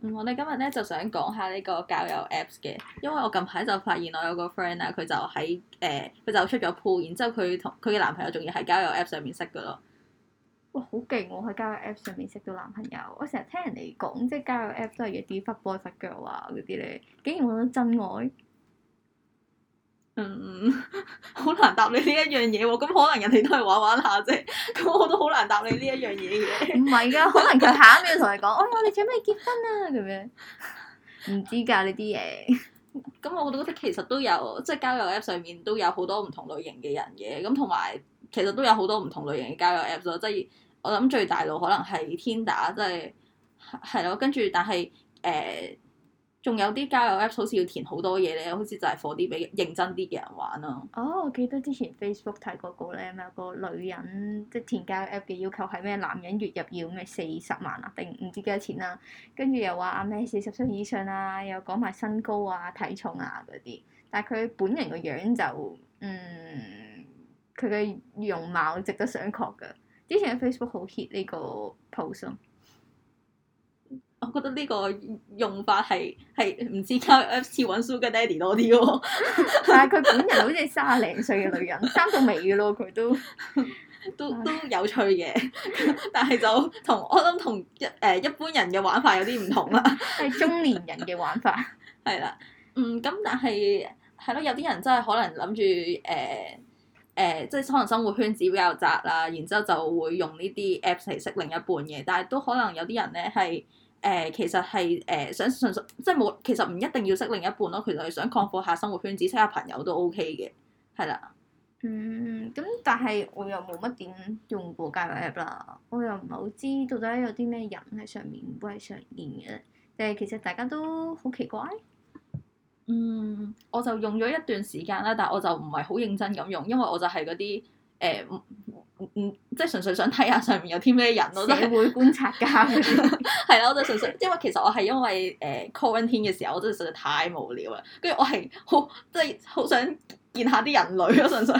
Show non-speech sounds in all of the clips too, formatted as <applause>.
嗯，我哋今日咧就想講下呢個交友 Apps 嘅，因為我近排就發現我有個 friend 啊，佢就喺誒，佢就出咗 pool，然之後佢同佢嘅男朋友仲要喺交友 Apps 上面識嘅咯。哇，好勁喎！喺交友 Apps 上面識到男朋友，我成日聽人哋講，即係交友 Apps 都係要啲忽 boy 忽 girl 啊嗰啲咧，竟然揾到真愛。嗯，好難答你呢一樣嘢喎，咁可能人哋都係玩玩下啫，咁我都好難答你呢一樣嘢嘅。唔係㗎，可能佢 <laughs> 下一秒同、 <laughs> 哎、你講，我我哋準備結婚啦、啊、咁樣。唔知㗎呢啲嘢，咁 <laughs> 我覺得其實都有，即、就、係、是、交友 app 上面都有好多唔同類型嘅人嘅，咁同埋其實都有好多唔同類型嘅交友 app 咯，即係我諗最大路可能係 Tinder，即係係咯，跟住但係誒。呃仲有啲交友 app，好似要填好多嘢咧，好似就係火啲畀認真啲嘅人玩咯。哦，我記得之前 Facebook 睇過、嗰個咧，咪個女人即係填交友 app 嘅要求係咩？男人月入要咩四十萬啊，定唔知幾多錢啊？跟住又話啊咩四十歲以上啊，又講埋身高啊、體重啊嗰啲。但係佢本人個樣就嗯，佢嘅容貌值得商榷㗎。之前喺 Facebook 好 hit 呢個 post。我覺得呢個用法係係唔知靠 Apps 揾 Sugar Daddy 多啲喎，但係佢本人好似三廿零歲嘅女人，三十尾嘅咯，佢都 <laughs> 都都有趣嘅， <laughs> 但係就同我諗同一誒、呃、一般人嘅玩法有啲唔同啦，係中年人嘅玩法， <laughs> <laughs> 係啦，嗯，咁但係係咯，有啲人真係可能諗住誒誒，即係可能生活圈子比較窄啦，然之後就會用呢啲 Apps 嚟識另一半嘅，但係都可能有啲人咧係。誒其實係誒想純粹即係冇，其實唔一定要識另一半咯。其實係想擴闊下生活圈子，識下朋友都 O K 嘅，係啦。嗯，咁但係我又冇乜點用過交友 app 啦，我又唔係好知到底有啲咩人喺上面會係上線嘅。誒，其實大家都好奇怪。嗯，我就用咗一段時間啦，但係我就唔係好認真咁用，因為我就係嗰啲。誒，唔唔即係純粹想睇下上面有啲咩人，我覺得社會觀察家係啦，我就純粹，因為其實我係因為誒 quarantine 嘅時候，我真係實在太無聊啦，跟住我係好即係好想見下啲人類咯，純粹，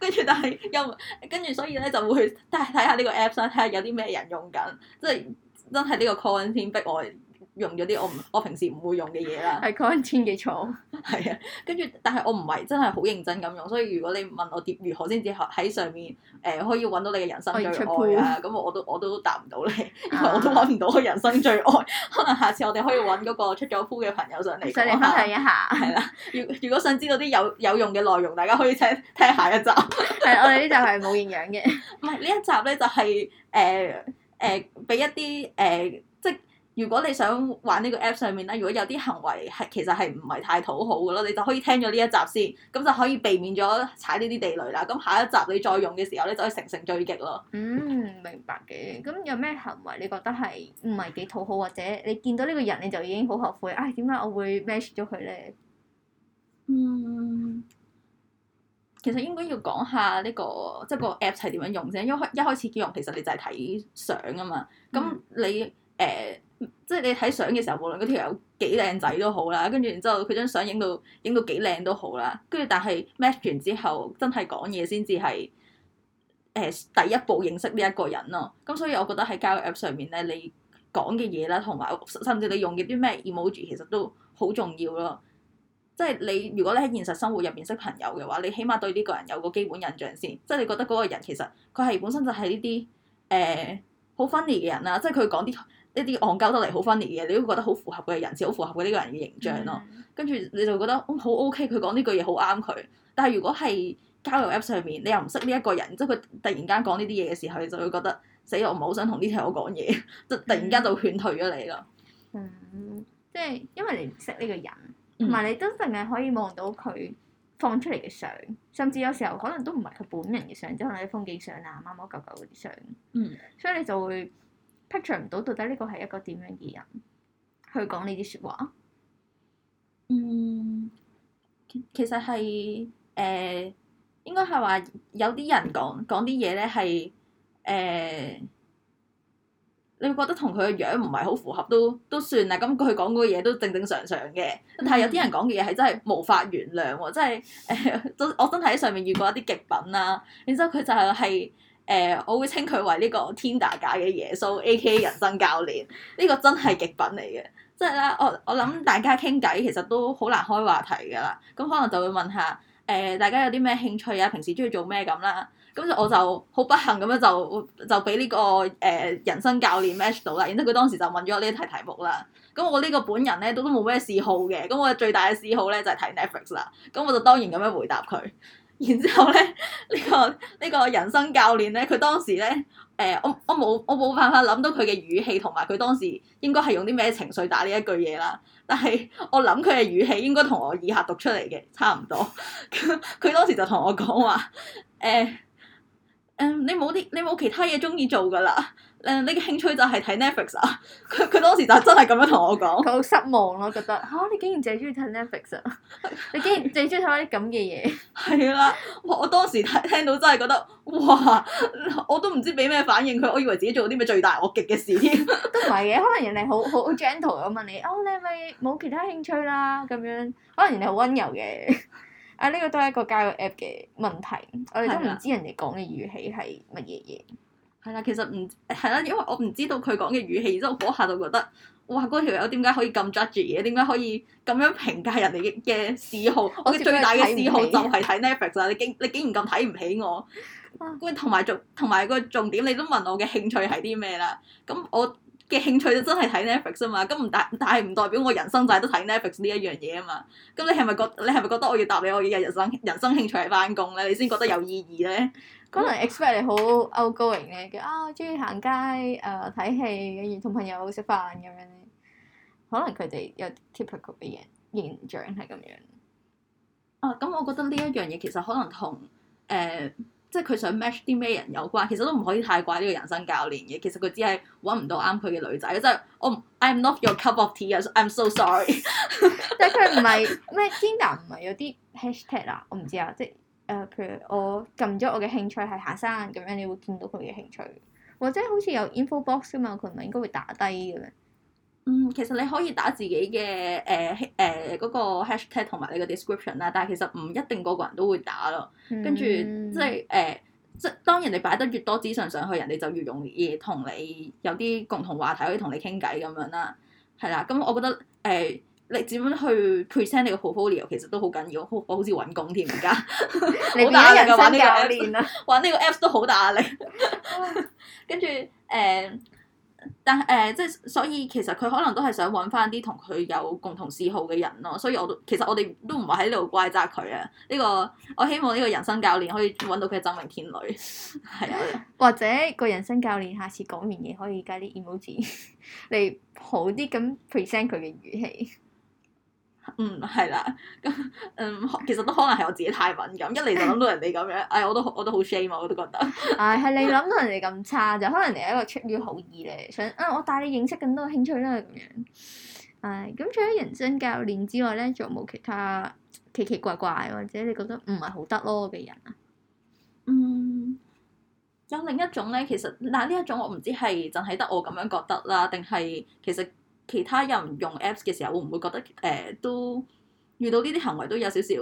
跟 <laughs> 住但係又跟住，所以咧就會即係睇下呢個 apps 啦，睇下有啲咩人用緊，即係真係呢個 quarantine 逼我用咗啲我唔我平時唔會用嘅嘢啦，係 content 嘅廠，係啊，跟住但係我唔係真係好認真咁用，所以如果你問我點如何先至喺上面誒、呃、可以揾到你嘅人生最愛啊，咁、啊、我都我都答唔到你，啊、因為我都揾唔到我人生最愛。可能下次我哋可以揾嗰個出咗鋪嘅朋友上嚟，上嚟分享一下，係啦、啊。如如果想知道啲有有用嘅內容，大家可以聽聽下一集。係、 <laughs> 啊，我哋呢集係冇營養嘅。唔係呢一集咧、就係，就係誒誒俾一啲誒。呃如果你想玩呢個 app 上面咧，如果有啲行為係其實係唔係太討好嘅咯，你就可以聽咗呢一集先，咁就可以避免咗踩呢啲地雷啦。咁下一集你再用嘅時候咧，你就可以乘勝追擊咯。嗯，明白嘅。咁有咩行為你覺得係唔係幾討好，或者你見到呢個人你就已經好後悔？唉、哎，點解我會 match 咗佢咧？嗯，其實應該要講下呢、這個即係、就是、個 app 係點樣用啫。因為一開始用其實你就係睇相啊嘛。咁你誒，嗯呃即係你睇相嘅時候，無論嗰條友幾靚仔都好啦，跟住然之後佢張相影到影到幾靚都好啦。跟住但係 match 完之後，真係講嘢先至係誒第一步認識呢一個人咯。咁、嗯、所以我覺得喺交友 App 上面咧，你講嘅嘢啦，同埋甚至你用嘅啲咩 emoji，其實都好重要咯。即係你如果你喺現實生活入邊識朋友嘅話，你起碼對呢個人有個基本印象先，即係你覺得嗰個人其實佢係本身就係呢啲誒好 funny 嘅人啦，即係佢講啲。一啲戇鳩得嚟好分裂嘅嘢，你都會覺得好符合佢嘅人設，好符合佢呢個人嘅形象咯。跟住、mm hmm. 你就覺得好、嗯、OK，佢講呢句嘢好啱佢。但係如果係交友 App 上面，你又唔識呢一個人，即係佢突然間講呢啲嘢嘅時候，你就會覺得死，我唔係好想同呢條友講嘢，就 <laughs> 突然間就勸退咗你啦。Mm hmm. 嗯，即係因為你唔識呢個人，同埋你都淨係可以望到佢放出嚟嘅相，甚至有時候可能都唔係佢本人嘅相，即係可能啲風景相啊、貓貓狗狗嗰啲相。嗯、mm，hmm. 所以你就會。picture 唔到到底呢個係一個點樣嘅人去講呢啲説話？嗯，其實係誒、呃，應該係話有啲人講講啲嘢咧係誒，你會覺得同佢嘅樣唔係好符合，都都算啦。咁佢講嗰個嘢都正正常常嘅，但係有啲人講嘅嘢係真係無法原諒喎，真係、呃、我真係喺上面遇過一啲極品啦。然之後佢就係、是、係。誒、呃，我會稱佢為呢個 Tinder 界嘅耶穌，A.K.A. <laughs> 人生教練，呢、這個真係極品嚟嘅。即係咧，我我諗大家傾偈其實都好難開話題㗎啦，咁可能就會問下誒、呃，大家有啲咩興趣啊？平時鍾意做咩咁啦？咁就我就好不幸咁樣就就俾呢、這個誒、呃、人生教練 match 到啦。然之後佢當時就問咗我呢題題目啦。咁我呢個本人咧都都冇咩嗜好嘅，咁我最大嘅嗜好咧就係、是、睇 Netflix 啦。咁我就當然咁樣回答佢。然之後咧，呢、這個呢、這個人生教練咧，佢當時咧，誒、呃，我我冇我冇辦法諗到佢嘅語氣同埋佢當時應該係用啲咩情緒打呢一句嘢啦。但係我諗佢嘅語氣應該同我以下讀出嚟嘅差唔多。佢 <laughs> 當時就同我講話，誒、呃，嗯、呃，你冇啲你冇其他嘢中意做㗎啦？誒你嘅興趣就係睇 Netflix 啊！佢佢當時就真係咁樣同我講，佢好 <laughs> 失望咯，我覺得嚇你竟然淨係中意睇 Netflix 啊！你竟然淨係中意睇啲咁嘅嘢。係 <laughs> 啦然， <laughs> 我當時睇聽到真係覺得，哇！我都唔知俾咩反應佢，我以為自己做啲咩罪大惡極嘅事添。 <laughs> 都唔係嘅，可能人哋好好 gentle，咁問你，哦、啊，你係咪冇其他興趣啦、啊？咁樣，可能人哋好溫柔嘅。啊，呢、啊這個都係一個交友 app 嘅問題，我哋都唔知人哋講嘅語氣係乜嘢嘢。的 <laughs> 係啦，其實唔係啦，因為我唔知道佢講嘅語氣，然之後嗰下就覺得，哇，嗰條友點解可以咁 judge 嘢？點解可以咁樣評價人哋嘅嗜好？我嘅最大嘅嗜好就係睇 Netflix 啊！你竟你竟然咁睇唔起我，咁同埋同埋個重點，你都問我嘅興趣係啲咩啦？咁我嘅興趣就真係睇 Netflix 啊嘛！咁唔代但係唔代表我人生就係得睇 Netflix 呢一樣嘢啊嘛！咁你係咪覺你係咪覺得我要答你我嘅人生人生興趣係返工咧？你先覺得有意義咧？可能 expect 你好 outgoing 嘅，叫啊中意行街、誒睇戲，跟住同朋友食飯咁樣咧。可能佢哋有 typical 嘅形象係咁樣。啊，咁、嗯、我覺得呢一樣嘢其實可能同誒、呃，即係佢想 match 啲咩人有關。其實都唔可以太怪呢個人生教練嘅。其實佢只係揾唔到啱佢嘅女仔，即、就、係、是、我 I'm not your cup of tea 啊，I'm so sorry。 <laughs> 即係佢唔係咩 Tinder 唔係有啲 hashtag 啊？我唔知啊，即誒，uh, 譬如我撳咗我嘅興趣係下山咁樣，你會見到佢嘅興趣，或者好似有 info box 噶嘛，佢唔係應該會打低嘅咩？嗯，其實你可以打自己嘅誒誒嗰個 hashtag 同埋你個 description 啦，但係其實唔一定個個人都會打咯。跟住、嗯、即係誒、呃，即係當人哋擺得越多資訊上去，人哋就越容易同你有啲共同話題可以同你傾偈咁樣啦。係啦，咁、嗯、我覺得誒。呃 <music> 你點樣去 present 你個 portfolio 其實都好緊要，我好似揾工添，而家你打人生教練啊，玩呢個 Apps app 都好大壓力。 <music> <music> 跟住誒、呃，但係誒、呃，即係所以其實佢可能都係想揾翻啲同佢有共同嗜好嘅人咯。所以我都其實我哋都唔係喺呢度怪責佢啊。呢、這個我希望呢個人生教練可以揾到佢嘅真命天女，係啊。或者個人生教練下次講完嘢可以加啲 emoji 嚟 <laughs> 好啲，咁 present 佢嘅語氣。 <laughs> 嗯，係啦，咁嗯，其實都可能係我自己太敏感，一嚟就諗到人哋咁樣， <laughs> 哎，我都我都好 shame，我都覺得 <laughs> 。哎，係你諗到人哋咁差，就可能你係一個出於好意咧，想，嗯、啊，我帶你認識更多興趣啦，咁樣。哎，咁除咗人生教練之外咧，仲有冇其他奇奇怪怪或者你覺得唔係好得咯嘅人啊？嗯，有另一種咧，其實嗱呢一種我唔知係淨係得我咁樣覺得啦，定係其實。其他人用 Apps 嘅時候，會唔會覺得誒、呃、都遇到呢啲行為都有少少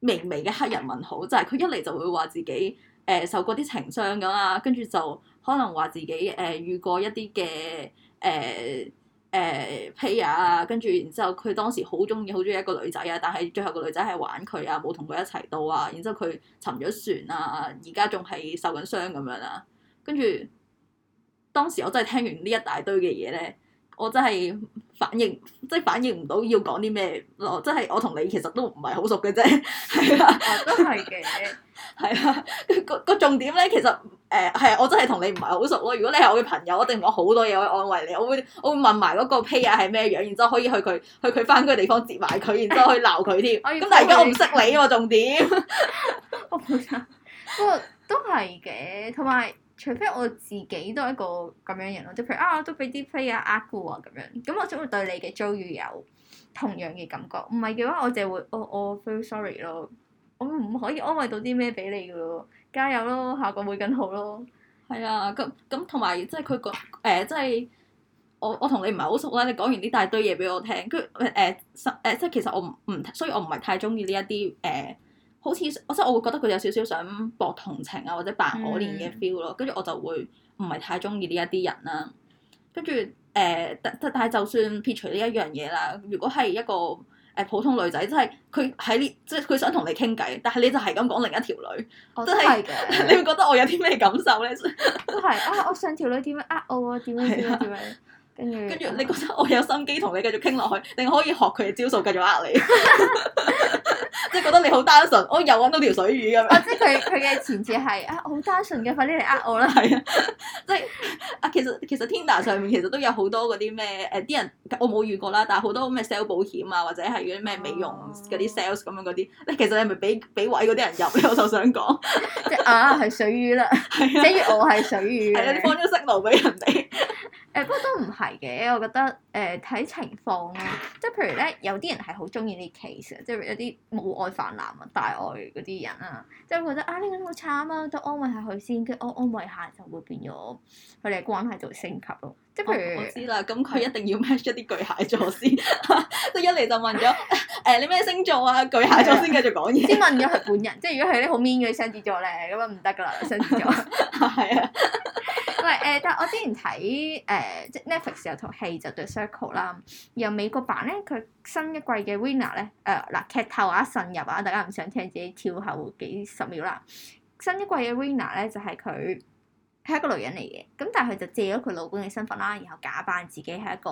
微微嘅黑人問號？就係、是、佢一嚟就會話自己誒、呃、受過啲情傷咁啊，跟住就可能話自己誒、呃、遇過一啲嘅誒誒 player 啊，跟、呃、住、呃、然之後佢當時好鍾意好鍾意一個女仔啊，但係最後個女仔係玩佢啊，冇同佢一齊到啊，然之後佢沉咗船啊，而家仲係受緊傷咁樣啊，跟住當時我真係聽完呢一大堆嘅嘢咧。我真係反應，即係反應唔到要講啲咩咯。即係我同你其實都唔係好熟嘅啫，係啊。都係嘅。係啊，個重點咧，其實誒係、呃、我真係同你唔係好熟咯。如果你係我嘅朋友，我一定講好多嘢去安慰你。我會我會問埋嗰個 pair 係咩樣，然之後可以去佢去佢翻嗰個地方接埋佢，然之後去鬧佢添。咁 <laughs> 但係而家我唔識你喎， <laughs> 重點。 <laughs> <laughs> 不過都係嘅，同埋。除非我自己都係一個咁樣人咯，即係譬如啊，都俾啲飛啊呃過啊咁樣，咁我總會對你嘅遭遇有同樣嘅感覺。唔係嘅話我會，我就會我我 feel sorry 咯，我唔可以安慰到啲咩俾你噶喎，加油咯，下個會更好咯。係啊，咁咁同埋即係佢講誒，即係、呃、我我同你唔係好熟啦，你講完啲大堆嘢俾我聽，跟誒誒十即係、呃、其實我唔唔，所以我唔係太中意呢一啲誒。呃好似我即係我會覺得佢有少少想博同情啊，或者扮可憐嘅 feel 咯、嗯，跟住我就會唔係太鍾意呢一啲人啦。跟住誒，但但係就算撇除呢一樣嘢啦，如果係一個誒、呃、普通女仔，即係佢喺即係佢想同你傾偈，但係你就係咁講另一條女，真係你會覺得我有啲咩感受咧？ <laughs> 都係啊、哦！我上條女點樣呃我啊？點樣點樣點樣？跟住，你覺得我有心機同你繼續傾落去，定可以學佢嘅招數繼續呃你？即係覺得你好單純，我又揾到條水魚咁。哦，即係佢佢嘅潛質係啊，好單純嘅，快啲嚟呃我啦，係啊，即係啊，其實其實 Tinder 上面其實都有好多嗰啲咩誒啲人，我冇遇過啦，但係好多咩 sale 保險啊，或者係嗰啲咩美容嗰啲 sales 咁樣嗰啲，其實你係咪俾俾位嗰啲人入咧？我就想講，即係啊，係水魚啦，即係我係水魚。係啊，你放咗色流俾人哋。誒、欸、不過都唔係嘅，我覺得誒睇、呃、情況咯，即係譬如咧有啲人係好中意呢 case 啊，即係有啲母愛泛濫啊、大愛嗰啲人啊，即係覺得啊呢個好慘啊，都安慰下佢先，跟住安慰下就會變咗佢哋關係就會升級咯。即係譬如、哦、我知啦，咁佢一定要 match 一啲巨蟹座先，即 <laughs> 一嚟就問咗誒、欸、你咩星座啊，巨蟹座先繼續講嘢。先問咗佢本人，即係如果係啲好 mean 嘅雙子座咧，咁啊唔得㗎啦，雙子座係啊。 <laughs> <laughs> 唔係、呃、但係我之前睇誒即、呃就係、Netflix 有套戲就叫 Circle 啦，然後美國版咧佢新一季嘅 Winner 咧誒，嗱，劇透啊，慎入啊，大家唔想聽，自己跳後幾十秒啦。新一季嘅 Winner 咧就係佢係一個女人嚟嘅，咁但係佢就借咗佢老公嘅身份啦，然後假扮自己係一個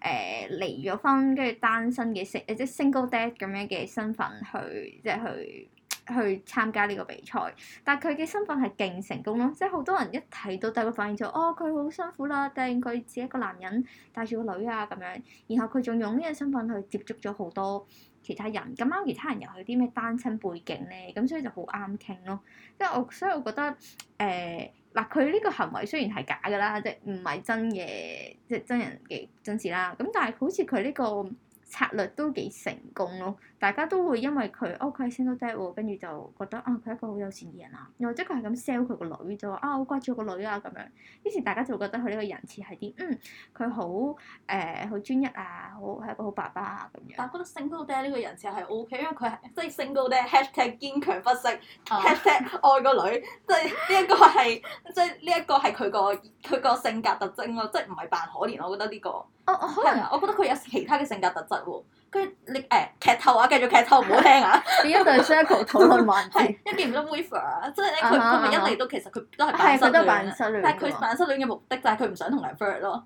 誒離咗婚跟住單身嘅 sing 誒即係 single dad 咁樣嘅身份去即係去。去參加呢個比賽，但佢嘅身份係勁成功咯，即係好多人一睇都都發現咗，哦，佢好辛苦啦，定佢自己一個男人帶住個女啊咁樣，然後佢仲用呢個身份去接觸咗好多其他人，咁啱其他人又係啲咩單親背景咧，咁所以就好啱傾咯，因為我所以我覺得，誒、呃，嗱，佢呢個行為雖然係假㗎啦，即係唔係真嘅，即係真人嘅真事啦，咁但係好似佢呢個策略都幾成功咯。大家都會因為佢 OK single dad 喎，跟、哦、住就覺得、哦、啊，佢係一個好友善嘅人啦，又或者佢係咁 sell 佢個女就話啊，好掛住我個女啊咁樣，於是大家就會覺得佢呢個人設係啲嗯，佢好誒好專一啊，好係一個好爸爸啊咁樣。但係我覺得 single dad 呢個人設係 OK，因為佢係即係、就是、single dad hashtag 堅強不息 hashtag、啊、愛個女，即係呢一個係即係呢一個係佢個佢個性格特徵咯，即係唔係扮可憐，我覺得呢、呢個。哦可能我覺得佢有其他嘅性格特質喎。跟住你誒劇透啊，繼續劇透唔好聽啊！點樣 <laughs> 一對 circle 討論問題？係， <laughs> 因為見唔到 w e a f e r 啊！即係咧佢佢咪一嚟到其實佢都係扮失戀。係，扮失戀但係佢扮失戀嘅目的就係佢唔想同人 f r i e n d 咯。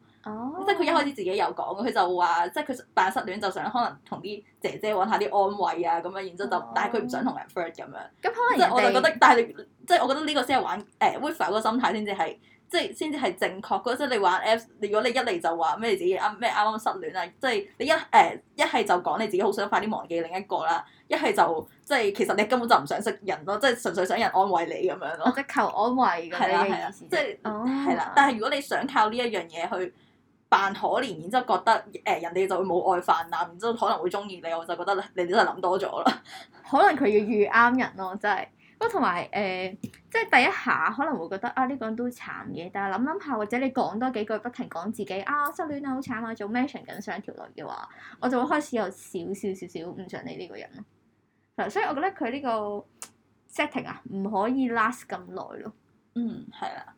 即係佢一開始自己有講，佢就話，即係佢扮失戀就想可能同啲姐姐揾下啲安慰啊咁樣，然之後就，oh. 但係佢唔想同人 f r i e n d 咁樣。咁可能即係我就覺得，但係你即係我覺得呢個先係玩誒 w e a f e r 嗰個心態先至係。即係先至係正確嘅，即係你玩 Apps，如果你一嚟就話咩你、呃、你自己啱咩啱啱失戀啊，即係你一誒一係就講你自己好想快啲忘記另一個啦，一係就即係其實你根本就唔想識人咯，即係純粹想人安慰你咁樣咯。我只求安慰嘅，即係係啦，但係如果你想靠呢一樣嘢去扮可憐，然之後覺得誒人哋就會母愛氾濫，然之後可能會中意你，我就覺得你哋真係諗多咗啦，可能佢要遇啱人咯，真係。 <laughs> <laughs> 不過同埋誒，即係第一下可能會覺得啊呢個人都慘嘅，但係諗諗下或者你講多幾句，不停講自己啊失戀啊好慘啊，仲 mention 緊上條女嘅話，我就會開始有少少少少唔想理呢個人咯，嗯。所以我覺得佢呢個 setting 啊，唔可以 last 咁耐咯。嗯，係啦，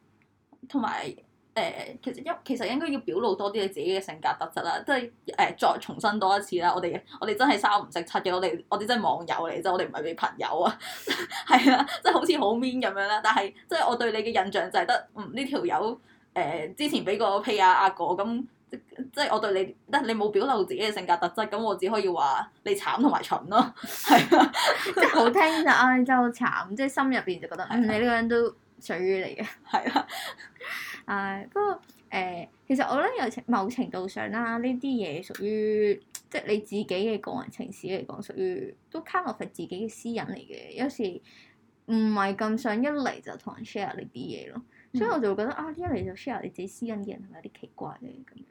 同埋。誒，其實因其實應該要表露多啲你自己嘅性格特質啦，即係誒再重新多一次啦。我哋我哋真係三唔識七嘅，我哋我哋真係網友嚟，即係我哋唔係俾朋友啊，係 <laughs> 啊，即係好似好 mean 咁樣啦。Unfair，但係即係我對你嘅印象就係得呢條友誒之前俾個屁啊阿哥咁，即係我對你得你冇表露自己嘅性格特質，咁我只可以話你慘同埋蠢咯，係啊， <laughs> 即係好聽就唉，真係好慘，即係心入邊就覺得你呢個人都水魚嚟嘅，係啊。唉，不過誒、呃，其實我覺得有某程度上啦，呢啲嘢屬於，即係你自己嘅個人情史嚟講，屬於都卡落係自己嘅私隱嚟嘅，有時唔係咁想一嚟就同人 share 呢啲嘢咯，所以我就會覺得、嗯、啊，一嚟就 share 你自己私隱嘅人係咪有啲奇怪嘅咁樣？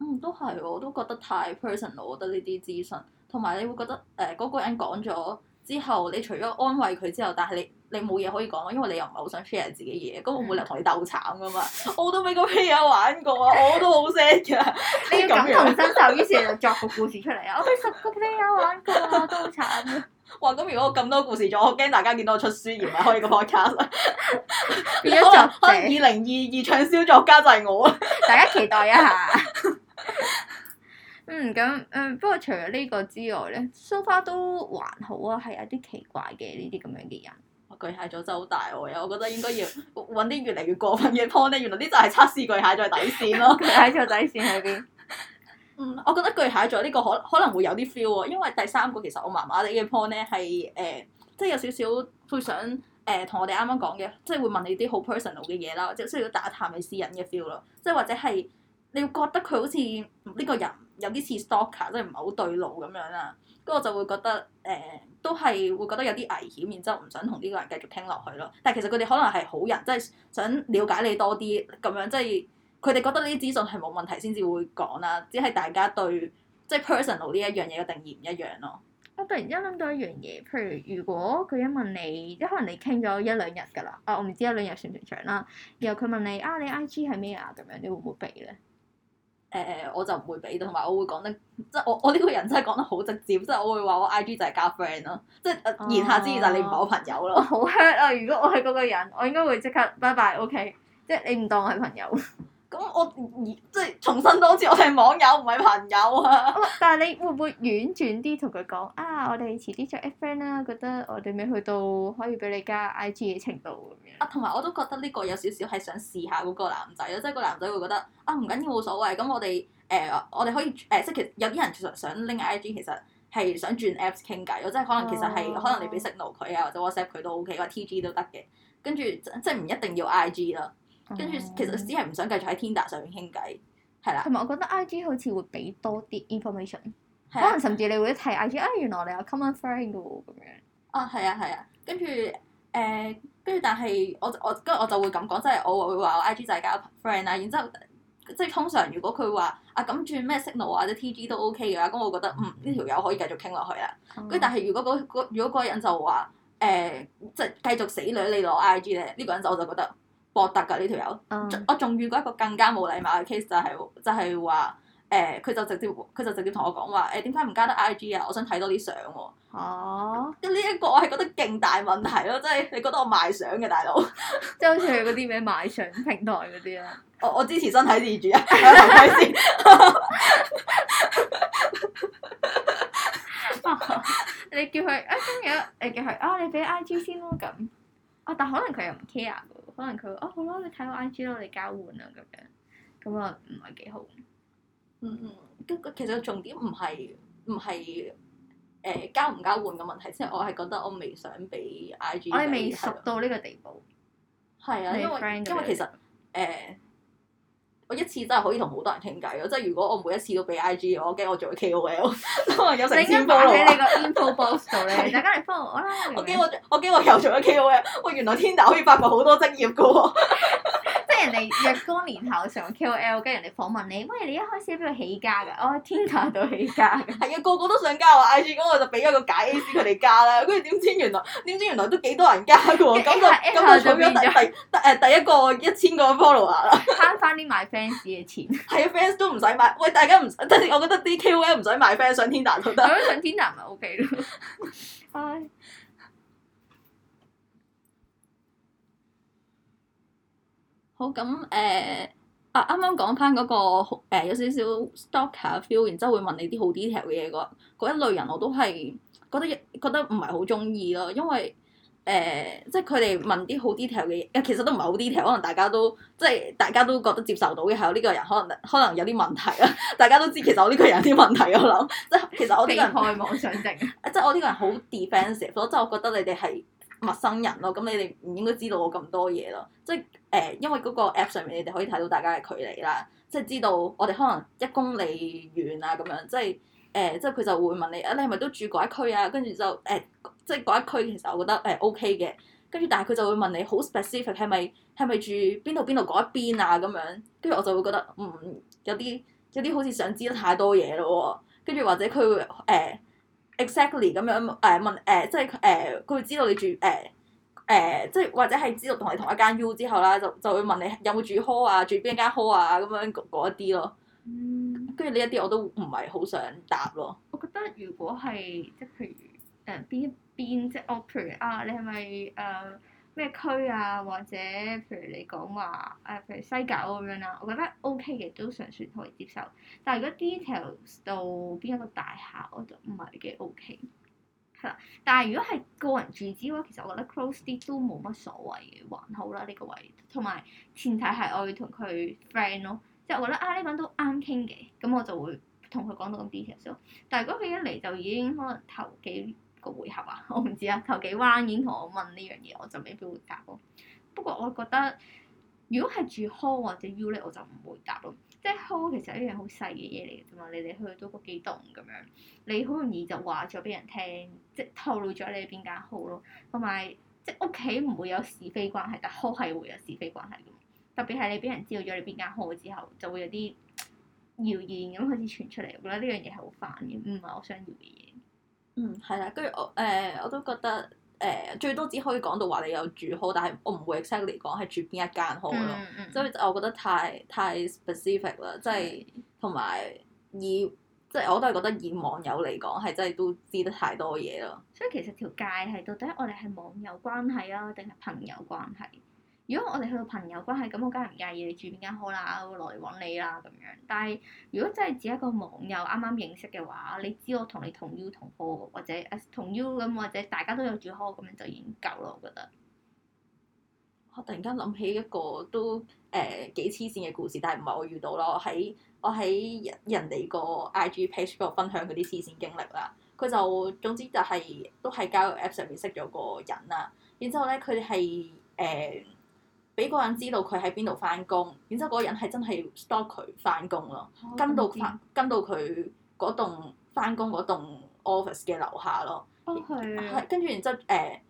嗯，都係，我都覺得太 personal，我覺得呢啲資訊，同埋你會覺得誒嗰、呃嗰個人講咗之後，你除咗安慰佢之後，但係你。你冇嘢可以講，因為你又唔係好想 share 自己嘢，咁我冇理由同你鬥慘噶嘛我？我都俾個朋友玩過啊，我都好 sad 噶。你要感同身受？於是就作個故事出嚟啊！我俾十個朋友玩過啊，都好慘啊！哇！咁如果我咁多故事做，我驚大家見到我出書而唔係開個 podcast 啦。變可能二零二二暢銷作家就係我啊！大家期待一下。 <laughs> 嗯，咁、呃、不過除咗呢個之外咧，so far 都還好啊，係一啲奇怪嘅呢啲咁樣嘅人。巨蟹座真係好大愛啊！我覺得應該要揾啲越嚟越過分嘅 point 咧，原來呢就係測試巨蟹座底線咯。 <laughs> 巨蟹座底線喺邊？嗯，我覺得巨蟹座呢個可能可能會有啲 feel 喎、哦，因為第三個其實我麻麻哋嘅 point 咧係誒，即係有少少會想誒同、呃、我哋啱啱講嘅，即係會問你啲好 personal 嘅嘢啦，即係需要打探你私隱嘅 feel 咯。即係或者係你會覺得佢好似呢個人。有啲似 stalker，即係唔係好對路咁樣啦，咁我就會覺得誒、呃，都係會覺得有啲危險，然之後唔想同呢個人繼續傾落去咯。但係其實佢哋可能係好人，即係想了解你多啲咁樣，即係佢哋覺得呢啲資訊係冇問題先至會講啦。只係大家對即係 personal 呢一,一樣嘢嘅定義唔一樣咯。我突然之間諗到一樣嘢，譬如如果佢一問你，即可能你傾咗一兩日㗎啦，啊我唔知一兩日算唔算長啦，然後佢問你啊你 IG 係咩啊咁樣，你會唔會俾咧？誒、呃、我就唔會俾，同埋我會講得，即係我我呢個人真係講得好直接，即係我會話我 IG 就係加 friend 咯，即係、哦、言下之意就係你唔係我朋友咯，好 hurt 啊！如果我係嗰個人，我應該會即刻 bye bye okay，即刻拜拜。o k 即係你唔當我係朋友。咁我而即係重新多次，我哋係網友唔係朋友啊！但係你會唔會婉轉啲同佢講啊？我哋遲啲再 friend 啦，覺得我哋未去到可以俾你加 I G 嘅程度咁樣。啊，同埋我都覺得呢個有少少係想試下嗰個男仔咯，即係個男仔會覺得啊，唔緊要，冇所謂。咁我哋誒我哋可以誒，即係其實有啲人其實想拎 I G，其實係想轉 Apps 傾偈咯，即係可能其實係可能你俾 signal 佢啊，或者 WhatsApp 佢都 OK，或者 T G 都得嘅。跟住即即係唔一定要 I G 啦。嗯、跟住，其實只係唔想繼續喺 Tinder 上面傾偈，係啦。同埋我覺得 IG 好似會俾多啲 information，的可能甚至你會提 IG，啊原來你有 common friend 嘅喎，咁樣。啊，係啊，係啊，跟住誒、呃，跟住但係我我跟住我，我就會咁講，即、就、係、是、我會話我 IG 就係交 friend 啊。然之後，然後即係通常如果佢話啊咁轉咩 signal 或者 TG 都 OK 嘅話，咁我覺得嗯呢條友可以繼續傾落去啦。跟住、嗯、但係如果嗰個如果嗰個人就話誒、呃、即係繼續死女你攞 IG 咧，呢個人就我就覺得。這個博特噶呢條友，我仲遇過一個更加冇禮貌嘅 case，就係、是、就係、是、話，誒、呃、佢就直接佢就直接同我講話，誒點解唔加得 I G 啊？我想睇多啲相喎。吓，咁呢一個我係覺得勁大問題咯，即係你覺得我賣相嘅大佬，即係好似佢嗰啲咩賣相平台嗰啲啊。我我支持身體自主啊！你叫佢啊，咁樣你叫佢啊，你俾 I G 先 IG 咯，咁啊，但可能佢又唔 care。可能佢哦，好啦，你睇我 I G 囉，我哋交換啊咁樣，咁啊唔係幾好。嗯嗯，跟其實重點唔係唔係誒交唔交換嘅問題，即係，我係覺得我未想俾 I G。我係未熟到呢個地步。係啊的，因為因為其實誒。呃我一次真係可以同好多人傾偈咯，即係如果我每一次都俾 IG，我驚我做咗 KOL，都 <laughs> 係有成千部落。你個 inbox 度咧，大家嚟 follow 我啦，我驚我我驚我又做咗 KOL，喂，原來 Tinder 可以發掘好多職業㗎喎。人哋若干年後上 KOL，跟人哋訪問你，喂，你一開始喺邊度起家㗎？我喺 Tinder 度起家㗎。係啊，個個都想加喎。A C 哥，我就俾咗個假 A C 佢哋加啦。跟住點知原來點知原來都幾多人加㗎喎？咁 <laughs> 就咁 <laughs> 就做咗第 <laughs> 第第，第一個一千個 follower 啦。慳翻啲買 fans 嘅錢。係啊，fans 都唔使買。喂，大家唔使，我覺得啲 KOL 唔使買 fans 上 Tinder 都得。係咯，上 Tinder 咪 OK 咯。h 好咁誒、嗯、啊！啱啱講翻嗰個、呃、有少少 stalker feel，然之後會問你啲好 detail 嘅嘢嗰一類人，我都係覺得覺得唔係好中意咯，因為誒、呃、即係佢哋問啲好 detail 嘅嘢，其實都唔係好 detail，可能大家都即係大家都覺得接受到嘅係我呢個人可能可能有啲問題啊。大家都知其實我呢個人有啲問題， <laughs> 我諗即係其實我呢個人可以網上定， <laughs> 即係我呢個人好 defensive，所以我就覺得你哋係陌生人咯，咁你哋唔應該知道我咁多嘢咯，即係誒、呃，因為嗰個 app 上面你哋可以睇到大家嘅距離啦，即係知道我哋可能一公里遠啊咁樣，即係誒、呃，即係佢就會問你啊，你係咪都住嗰一區啊？跟住就誒、呃，即係嗰一區其實我覺得誒、呃、OK 嘅，跟住但係佢就會問你好 specific 係咪係咪住邊度邊度嗰一邊啊咁樣，跟住我就會覺得嗯，有啲有啲好似想知得太多嘢咯喎，跟住或者佢會誒、呃 Exactly 咁樣，誒問誒、呃，即係誒，佢、呃、會知道你住誒誒、呃呃，即係或者係知道同你同一間 U 之後啦，就就會問你有冇住 hall 啊，住邊間 hall 啊咁樣嗰一啲咯。嗯，跟住呢一啲我都唔係好想答咯。我覺得如果係即係譬如誒、呃、邊邊、邊即係我譬如啊，你係咪誒？咩區啊，或者譬如你講話誒，譬如西九咁樣啦，我覺得 OK 嘅，都尚算可以接受。但係如果 details 到邊一個大廈，我就唔係幾 OK。係啦，但係如果係個人住址嘅話，其實我覺得 close 啲都冇乜所謂嘅，還好啦呢個位。同埋前提係我要同佢 friend 咯，即係我覺得啊呢份都啱傾嘅，咁我就會同佢講到咁 details 咯。但係如果佢一嚟就已經可能頭幾，個回合啊，我唔知啊。頭幾彎已經同我問呢樣嘢，我就未必會答咯、啊。不過我覺得，如果係住 hall 或者 U 咧，我就唔會答咯、啊。即係 hall 其實一樣好細嘅嘢嚟嘅啫嘛，你哋去到都嗰幾棟咁樣。你好容易就話咗俾人聽，即係透露咗你邊間 hall 咯。同埋即係屋企唔會有是非關係，但 hall 係會有是非關係嘅。特別係你俾人知道咗你邊間 hall 之後，就會有啲謠言咁開始傳出嚟。我覺得呢樣嘢係好煩嘅，唔係我想要嘅嘢。嗯，係啦，跟住我，誒、呃，我都覺得，誒、呃，最多只可以講到話你有住好，但係我唔會 exactly 講係住邊一間好咯，嗯嗯、所以就我覺得太太 specific 啦，即係同埋以，即、就、係、是、我都係覺得以網友嚟講係真係都知得太多嘢咯，所以其實條界係到底我哋係網友關係啊，定係朋友關係？嗯如果我哋去到朋友關係咁，我梗係唔介意你住邊間 house，我嚟揾你啦咁樣。但係如果真係只一個網友啱啱認識嘅話，你知我同你同 u 同 house 或者、啊、同 u 咁，或者大家都有住 house 咁樣就已經夠咯。我覺得，我突然間諗起一個都誒幾黐線嘅故事，但係唔係我遇到咯。喺我喺人我人哋個 IG page 度分享嗰啲黐線經歷啦。佢就總之就係、是、都係交友 app 上面識咗個人啦。然之後咧，佢哋係誒。呃俾嗰人知道佢喺邊度翻工，嗯、然之後嗰個人係真係 stop 佢翻工咯，oh, 跟到翻 's 跟到佢嗰棟翻工嗰棟 office 嘅樓下咯。跟住、oh, 是然之後誒，佢、呃、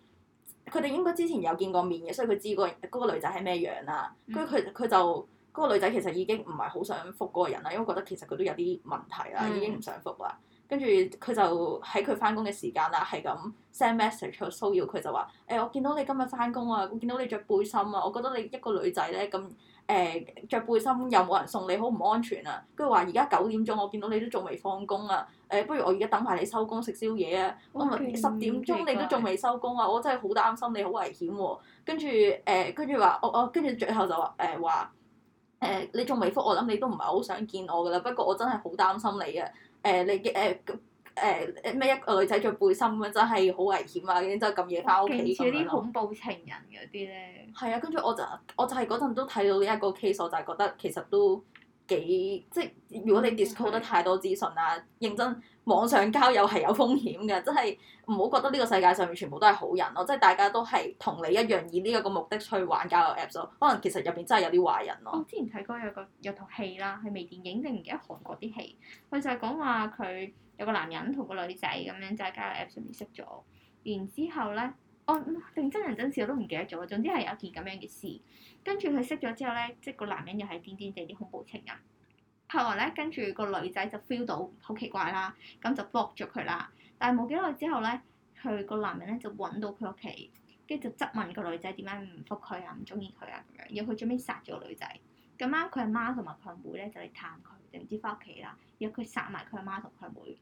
哋應該之前有見過面嘅，所以佢知個嗰個女仔係咩樣啦。跟佢佢就嗰、嗰個女仔其實已經唔係好想復嗰個人啦，因為覺得其實佢都有啲問題啦，已經唔想復啦。嗯跟住佢就喺佢翻工嘅時間啦，係咁 send message 去騷擾佢就話：誒、欸、我見到你今日翻工啊，我見到你着背心啊，我覺得你一個女仔咧咁誒著背心又有冇人送你好唔安全啊！跟住話而家九點鐘我見到你都仲未放工啊，誒不如我而家等埋你收工食宵夜啊！Okay, 我話十點鐘你都仲未收工啊，我真係好擔心你好危險喎、啊。跟住誒跟住話我我跟住最後就話誒話誒你仲未覆我諗你都唔係好想見我㗎啦，不過我真係好擔心你啊！誒、呃、你嘅誒誒咩一個女仔着背心咁真係好危險啊！已經真係咁夜翻屋企，咁似啲恐怖情人嗰啲咧。係啊，跟住我就我就係嗰陣都睇到呢一個 case，我就係覺得其實都。幾即係如果你 discover 得太多資訊啦，認真網上交友係有風險嘅，即係唔好覺得呢個世界上面全部都係好人咯，即係大家都係同你一樣以呢一個目的去玩交友 apps 咯，可能其實入邊真係有啲壞人咯。我之前睇過有個有套戲啦，係微電影定唔記得韓國啲戲，佢就係講話佢有個男人同個女仔咁樣喺交友 apps 上面識咗，然之後咧。我定、oh, 真人真事我都唔記得咗，總之係有一件咁樣嘅事。跟住佢識咗之後咧，即係個男人又係癲癲地啲恐怖情人。後來咧，跟住個女仔就 feel 到好奇怪啦，咁就 block 咗佢啦。但係冇幾耐之後咧，佢個男人咧就揾到佢屋企，跟住就質問個女仔點解唔復佢啊，唔中意佢啊咁樣，要佢準備殺咗個女仔。咁啱佢阿媽同埋佢阿妹咧就嚟探佢，定唔知翻屋企啦，要佢殺埋佢阿媽同佢阿妹。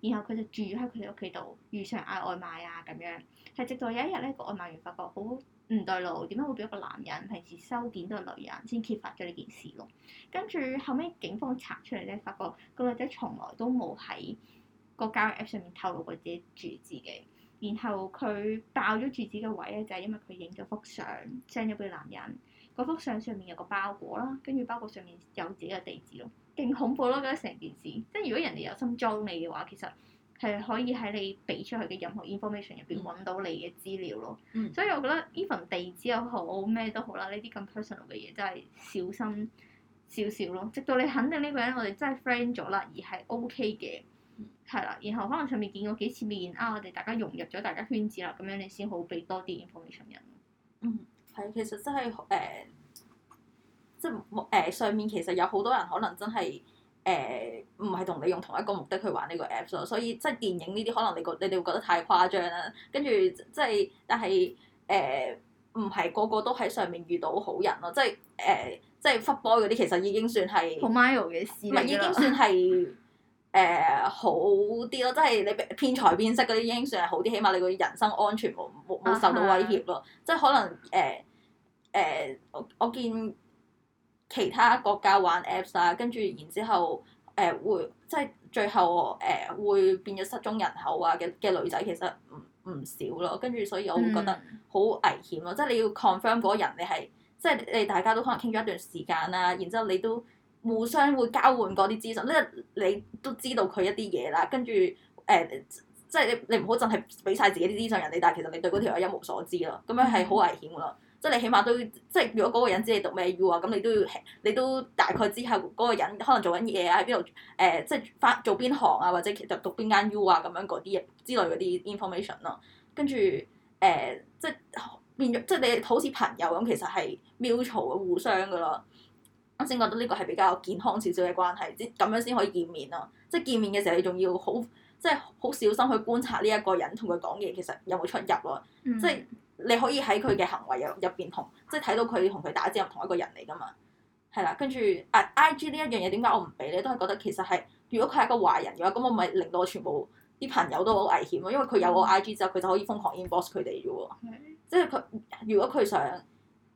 然後佢就住喺佢哋屋企度，遇上嗌外賣呀。噉樣，但直到有一日呢個外賣員發覺好唔對路，點解會畀個男人，平時收件都係女人，先揭發咗呢件事。跟住後尾警方查出嚟呢，發覺個女仔從來都冇喺個交易 app 上面透露過自己住址嘅。然後佢爆咗住址嘅位呢，就係因為佢影咗幅相，send 咗畀男人。嗰幅相上面有個包裹啦，跟住包裹上面有自己嘅地址囉。勁恐怖咯！覺得成件事，即係如果人哋有心裝你嘅話，其實係可以喺你俾出去嘅任何 information 入邊揾到你嘅資料咯。嗯、所以我覺得 even 地址又好咩都好啦，呢啲咁 personal 嘅嘢真係小心少少咯。直到你肯定呢個人，我哋真係 friend 咗啦，而係 OK 嘅，係啦、嗯。然後可能上面見過幾次面啊，我哋大家融入咗大家圈子啦，咁樣你先好俾多啲 information 人。嗯，係，其實真係誒。呃即係冇、呃、上面其實有好多人可能真係誒唔係同你用同一個目的去玩呢個 Apps 咯，所以即係電影呢啲可能你覺你哋會覺得太誇張啦。跟住即係但係誒唔係個個都喺上面遇到好人咯，即係誒、呃、即係 F boy 嗰啲其實已經算係好 minor 嘅事，唔係已經算係誒、呃、好啲咯，即係你騙財騙色嗰啲已經算係好啲，起碼你個人生安全冇冇冇受到威脅咯。啊、對即係可能誒誒、呃呃呃、我我見。其他國家玩 Apps 啊，跟住然之後，誒、呃、會即係最後誒、呃、會變咗失蹤人口啊嘅嘅女仔其實唔唔少咯，跟住所以我會覺得好危險咯、嗯，即係你要 confirm 嗰人你係即係你大家都可能傾咗一段時間啦，然之後你都互相會交換嗰啲資訊，即係你都知道佢一啲嘢啦，跟住誒即係你你唔好淨係俾晒自己啲資訊人哋，但係其實你對嗰條友一無所知咯，咁樣係好危險㗎咯。嗯嗯。即係你起碼都要，即係如果嗰個人知你讀咩 U 啊，咁你都要，你都大概知下嗰、那個人可能做緊嘢啊，喺邊度，誒、呃，即係翻做邊行啊，或者其實讀邊間 U 啊，咁樣嗰啲嘢之類嗰啲 information 咯，跟住誒，即係變咗，即係你好似朋友咁，其實係 mutual 互相噶啦。啱先覺得呢個係比較健康少少嘅關係，啲咁樣先可以見面咯。即係見面嘅時候，你仲要好，即係好小心去觀察呢一個人同佢講嘢，其實有冇出入咯，嗯、即係。你可以喺佢嘅行為入入邊同，即係睇到佢同佢打字係同一個人嚟㗎嘛，係啦。跟住 IG 呢一樣嘢點解我唔俾你？都係覺得其實係如果佢係一個壞人嘅話，咁我咪令到我全部啲朋友都好危險咯。因為佢有我 IG 之後，佢就可以瘋狂 inbox 佢哋啫喎。即係佢如果佢想，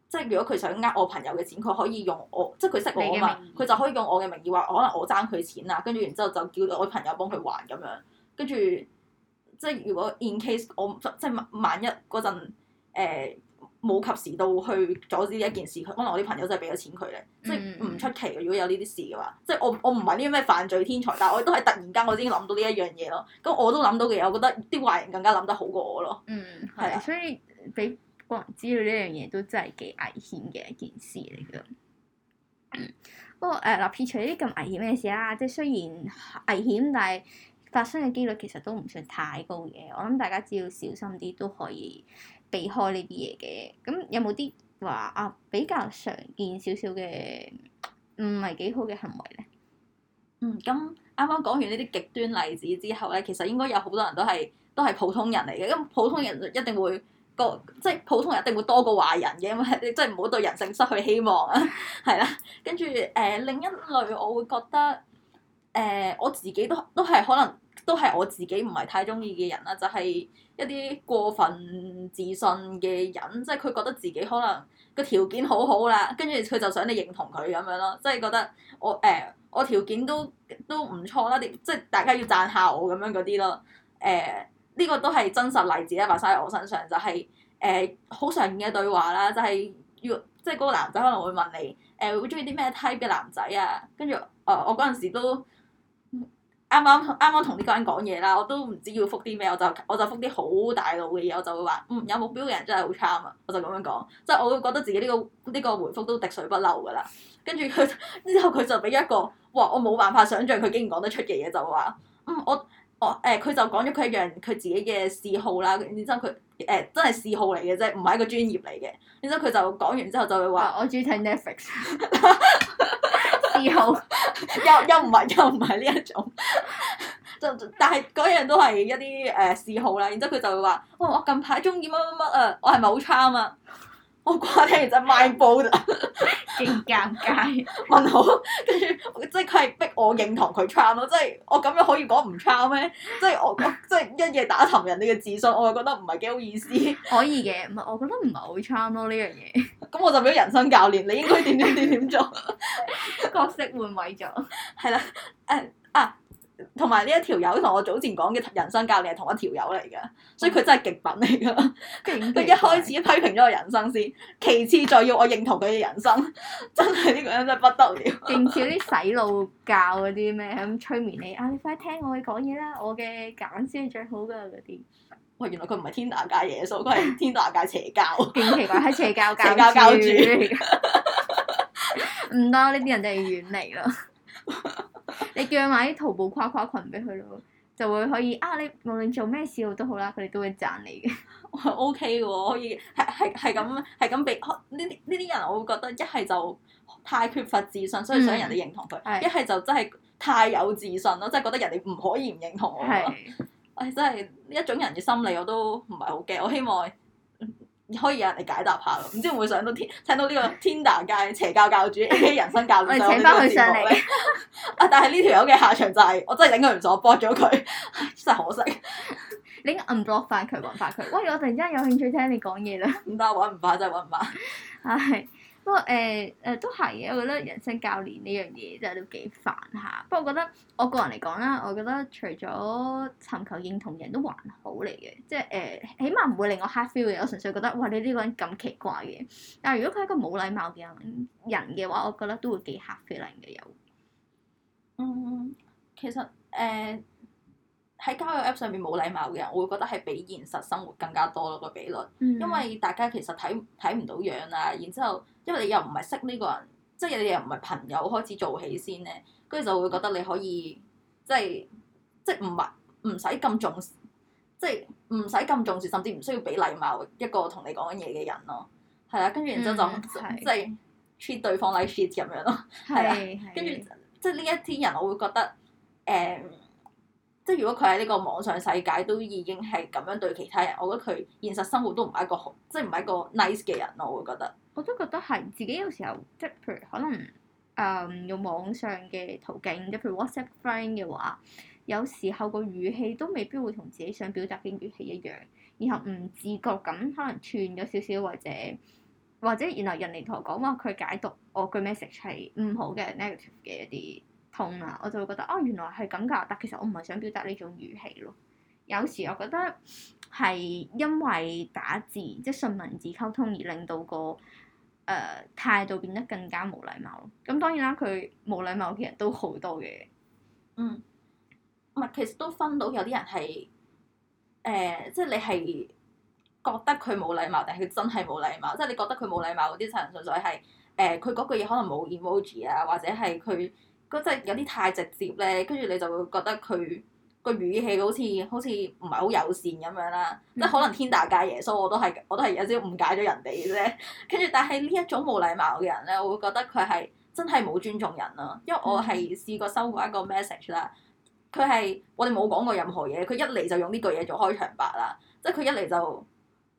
即係如果佢想呃我朋友嘅錢，佢可以用我，即係佢識我嘛，佢就可以用我嘅名義話可能我爭佢錢啦、啊。跟住然之後就叫到我朋友幫佢還咁樣。跟住即係如果 in case 我即係萬萬一嗰陣。誒冇、呃、及時到去阻止呢一件事，可能我啲朋友真係俾咗錢佢咧，即係唔出奇。如果有呢啲事嘅話，即係我我唔係啲咩犯罪天才，但係我都係突然間我已經諗到呢一樣嘢咯。咁我都諗到嘅嘢，我覺得啲壞人更加諗得好過我咯。嗯，係啊的，所以俾壞人知道呢樣嘢都真係幾危險嘅一件事嚟嘅。不過誒，嗱、哦，撇、呃呃、除呢啲咁危險嘅事啦，即係雖然危險，但係。發生嘅機率其實都唔算太高嘅，我諗大家只要小心啲都可以避開呢啲嘢嘅。咁有冇啲話啊比較常見少少嘅唔係幾好嘅行為咧？嗯，咁啱啱講完呢啲極端例子之後咧，其實應該有好多人都係都係普通人嚟嘅，咁普通人一定會個即係普通人一定會多過壞人嘅，因為你即係唔好對人性失去希望啊，係 <laughs> 啦。跟住誒、呃、另一類，我會覺得誒、呃、我自己都都係可能。都係我自己唔係太中意嘅人啦，就係、是、一啲過分自信嘅人，即係佢覺得自己可能個條件好好啦，跟住佢就想你認同佢咁樣咯，即、就、係、是、覺得我誒、呃、我條件都都唔錯啦，即、就、係、是、大家要讚下我咁樣嗰啲咯。誒、呃、呢、這個都係真實例子啦，話晒喺我身上就係誒好常見嘅對話啦，就係、是、要即係嗰個男仔可能會問你誒、呃、會中意啲咩 type 嘅男仔啊？跟住誒我嗰陣時都。啱啱啱啱同呢個人講嘢啦，我都唔知要覆啲咩，我就我就覆啲好大腦嘅嘢，我就會話，嗯，有目標嘅人真係好差啊，我就咁樣講，即係我會覺得自己呢個呢個回覆都滴水不漏噶啦。跟住佢之後佢就俾一個，哇！我冇辦法想象佢竟然講得出嘅嘢，就話，嗯，我我誒佢就講咗佢一樣佢自己嘅嗜好啦，然之後佢誒、呃、真係嗜好嚟嘅啫，唔係一個專業嚟嘅。然之後佢就講完之後就會話，我鍾意睇 Netflix。 <laughs> 嗜好又 <laughs> 又唔係又唔係呢一種， <laughs> 就但係嗰樣都係一啲誒嗜好啦。然之後佢就會話，哇！我近排中意乜乜乜啊！我係咪好 charm 啊？嘛，我講完聽完就賣報，勁尷尬。問好，跟住即係佢係逼我認同佢 charm 咯，即係我咁樣可以講唔 charm 咩？即係我， <laughs> 我即係一夜打沉人哋嘅自信，我就覺得唔係幾好意思。可以嘅，唔係我覺得唔係好 charm 咯呢樣嘢。咁、這個、 <laughs> 我就畀人生教練，你應該點點點點做？ <laughs> <laughs> 角色換位咗，係啦，誒啊，同埋呢一條友同我早前講嘅人生教練係同一條友嚟噶，所以佢真係極品嚟噶。佢、嗯、一開始批評咗我人生先，其次再要我認同佢嘅人生，真係呢、呢個人真係不得了。勁似啲洗腦教嗰啲咩，咁 <laughs> 催眠你啊！你快聽我嘅講嘢啦，我嘅揀先係最好噶嗰啲。哇！原來佢唔係天達教耶穌，佢係天達教邪教。勁奇怪，喺邪，邪教教教教主。 <laughs> <laughs> 唔得，呢啲人就要遠離咯， <laughs> 你叫埋啲淘寶跨跨群俾佢咯，就會可以啊！你無論做咩事都好啦，佢哋都會讚你嘅。O K 喎，可以係係係咁係咁俾呢啲呢啲人，我會覺得一係就太缺乏自信，所以想人哋認同佢；一係、嗯、就真係太有自信咯，即係的覺得人哋唔可以唔認同我。係的、哎，真係呢一種人嘅心理我都唔係好驚，我希望。可以有人嚟解答下咯，唔知會唔會上到天，聽到呢個 Tinder 街邪教教主 AK 人生教主，請翻佢上嚟啊！但係呢條友嘅下場就係，我真係頂佢唔咗，我 block 咗佢，真係可惜。你應該 unblock 翻佢揾翻佢。喂，我突然之間有興趣聽你講嘢啦。唔得，揾唔翻真係揾唔翻。唉。不過誒誒、呃呃、都係嘅，我覺得人生教練呢樣嘢真係都幾煩下。不過我覺得我個人嚟講啦，我覺得除咗尋求認同人都還好嚟嘅，即係誒、呃、起碼唔會令我 hard feel 嘅。我純粹覺得哇，你呢個人咁奇怪嘅。但係如果佢係一個冇禮貌嘅人嘅話，我覺得都會幾 hard feel 人嘅又，嗯，其實誒。呃喺交友 app 上面冇禮貌嘅人，我會覺得係比現實生活更加多咯個比率，因為大家其實睇睇唔到樣啊，然之後因為你又唔係識呢個人，即係你又唔係朋友開始做起先咧，跟住就會覺得你可以即係即係唔係唔使咁重視，即係唔使咁重視，甚至唔需要俾禮貌一個同你講緊嘢嘅人咯，係啊，跟住然之後就即係 cheat 對方 like cheat 咁樣咯，係啊，跟住即係呢一啲人，我會覺得誒。即係如果佢喺呢個網上世界都已經係咁樣對其他人，我覺得佢現實生活都唔係一個好，即係唔係一個 nice 嘅人咯，我會覺得。我都覺得係自己有時候，即係譬如可能誒、嗯、用網上嘅途徑，即譬如 WhatsApp friend 嘅話，有時候個語氣都未必會同自己想表達嘅語氣一樣，然後唔自覺咁可能串咗少少或者或者原來人哋同我講話，佢解讀我、哦、句 message 係唔好嘅 negative 嘅一啲。痛啦，我就會覺得哦，原來係咁㗎，但其實我唔係想表達呢種語氣咯。有時我覺得係因為打字即係純文字溝通而令到個誒態度變得更加冇禮貌。咁當然啦，佢冇禮貌嘅人都好多嘅，嗯，唔係其實都分到有啲人係誒，即係你係覺得佢冇禮貌，定係佢真係冇禮貌？即係你覺得佢冇禮貌嗰啲，其實純粹係誒，佢嗰句嘢可能冇 emoji 啊，或者係佢。佢真係有啲太直接咧，跟住你就會覺得佢個語氣好似好似唔係好友善咁樣啦，mm hmm. 即係可能天打界耶穌我都係我都係有啲誤解咗人哋嘅啫。跟住但係呢一種冇禮貌嘅人咧，我會覺得佢係真係冇尊重人咯。因為我係試過收過一個 message 啦、mm，佢、hmm. 係我哋冇講過任何嘢，佢一嚟就用呢句嘢做開場白啦，即係佢一嚟就誒、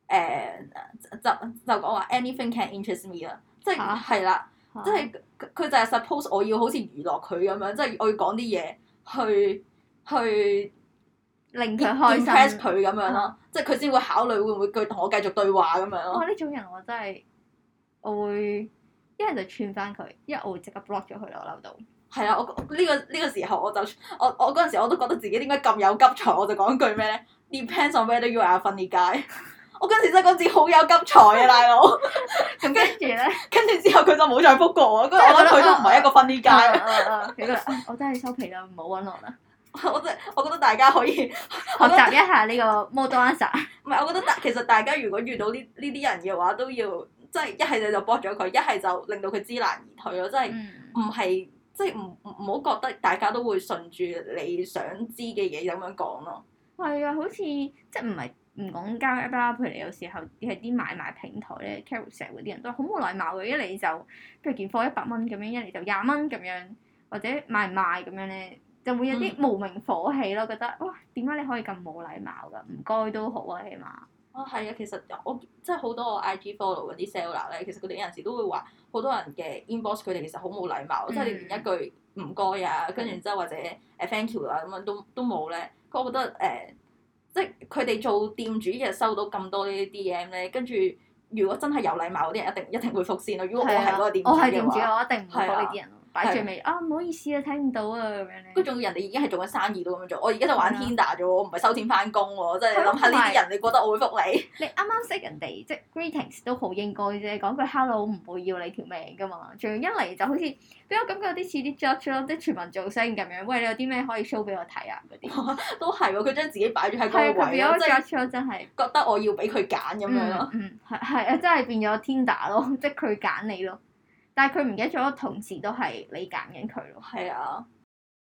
呃、就就講話 Anything can interest me 啦，即係係啦。啊。即係佢就係 suppose 我要好似娛樂佢咁樣，即係我要講啲嘢去去令佢開心佢咁樣咯，哦、即係佢先會考慮會唔會佢同我繼續對話咁樣咯。哦、呢種人我真係我會一係就串翻佢，一係我會即刻 block 咗佢啦，我諗到。係啊，我呢個呢個時候我就我我嗰陣時我都覺得自己點解咁有急才，我就講句咩咧？Depends on whether you are a funny guy。我嗰時真係嗰字好有急才啊，大佬！咁 <laughs> 跟住咧，跟住之後佢就冇再復過我。我覺得佢都唔係一個分啲家。嗯嗯，我真係收皮啦，唔好揾我啦。我真，我覺得大家可以學習一下呢個 model answer。唔係，我覺得大其實大家如果遇到呢呢啲人嘅話，都要即係一係就就搏咗佢，一係就令到佢知難而退咯。退嗯、即係唔係即係唔唔好覺得大家都會順住你想知嘅嘢咁樣講咯。係啊，好似即係唔係。唔講交友 app 啦，譬如你有時候係啲買賣平台咧，Carousell 嗰啲人都好冇禮貌嘅，一嚟就譬如件貨一百蚊咁樣，一嚟就廿蚊咁樣，或者賣唔賣咁樣咧，就會有啲無名火氣咯，覺得哇點解你可以咁冇禮貌噶？唔該都好啊，起碼。哦，係啊，其實我即係好多我 IG follow 嗰啲 seller 咧，其實佢哋有陣時都會話，好多人嘅 invoice 佢哋其實好冇禮貌，嗯、即係連一句唔該啊，跟住之後或者誒 thank you 啊咁啊都都冇咧，我覺得誒。呃即佢哋做店主一日收到咁多呢啲 DM 咧，跟住如果真係有禮貌啲人一定一定會覆線咯。如果我係嗰個店主嘅話、係啊，我係店主，我一定唔會覆呢啲人咯，係啊。擺住未啊！唔好意思啊，睇唔到啊，咁樣咧。佢仲要人哋已經係做緊生意都咁樣做，我而家就玩 Tinder 啫喎，嗯啊、我唔係收錢翻工喎，嗯啊、真係諗下呢啲人，你覺得我會復、嗯啊、你？你啱啱識人哋，即 greetings 都好應該啫，講句 hello 唔會要你條命噶嘛。仲要一嚟就好似，俾我感覺有啲似啲 judge 咯，即全民造星咁樣。喂，你有啲咩可以 show 俾我睇啊？嗰啲都係喎、啊，佢將自己擺住喺個 judge 咯、嗯啊，真係覺得我要俾佢揀咁樣咯、嗯啊嗯啊。嗯，係係啊，真係變咗 Tinder 咯，即佢揀你咯。但係佢唔記得咗，同時都係你揀緊佢咯。係啊，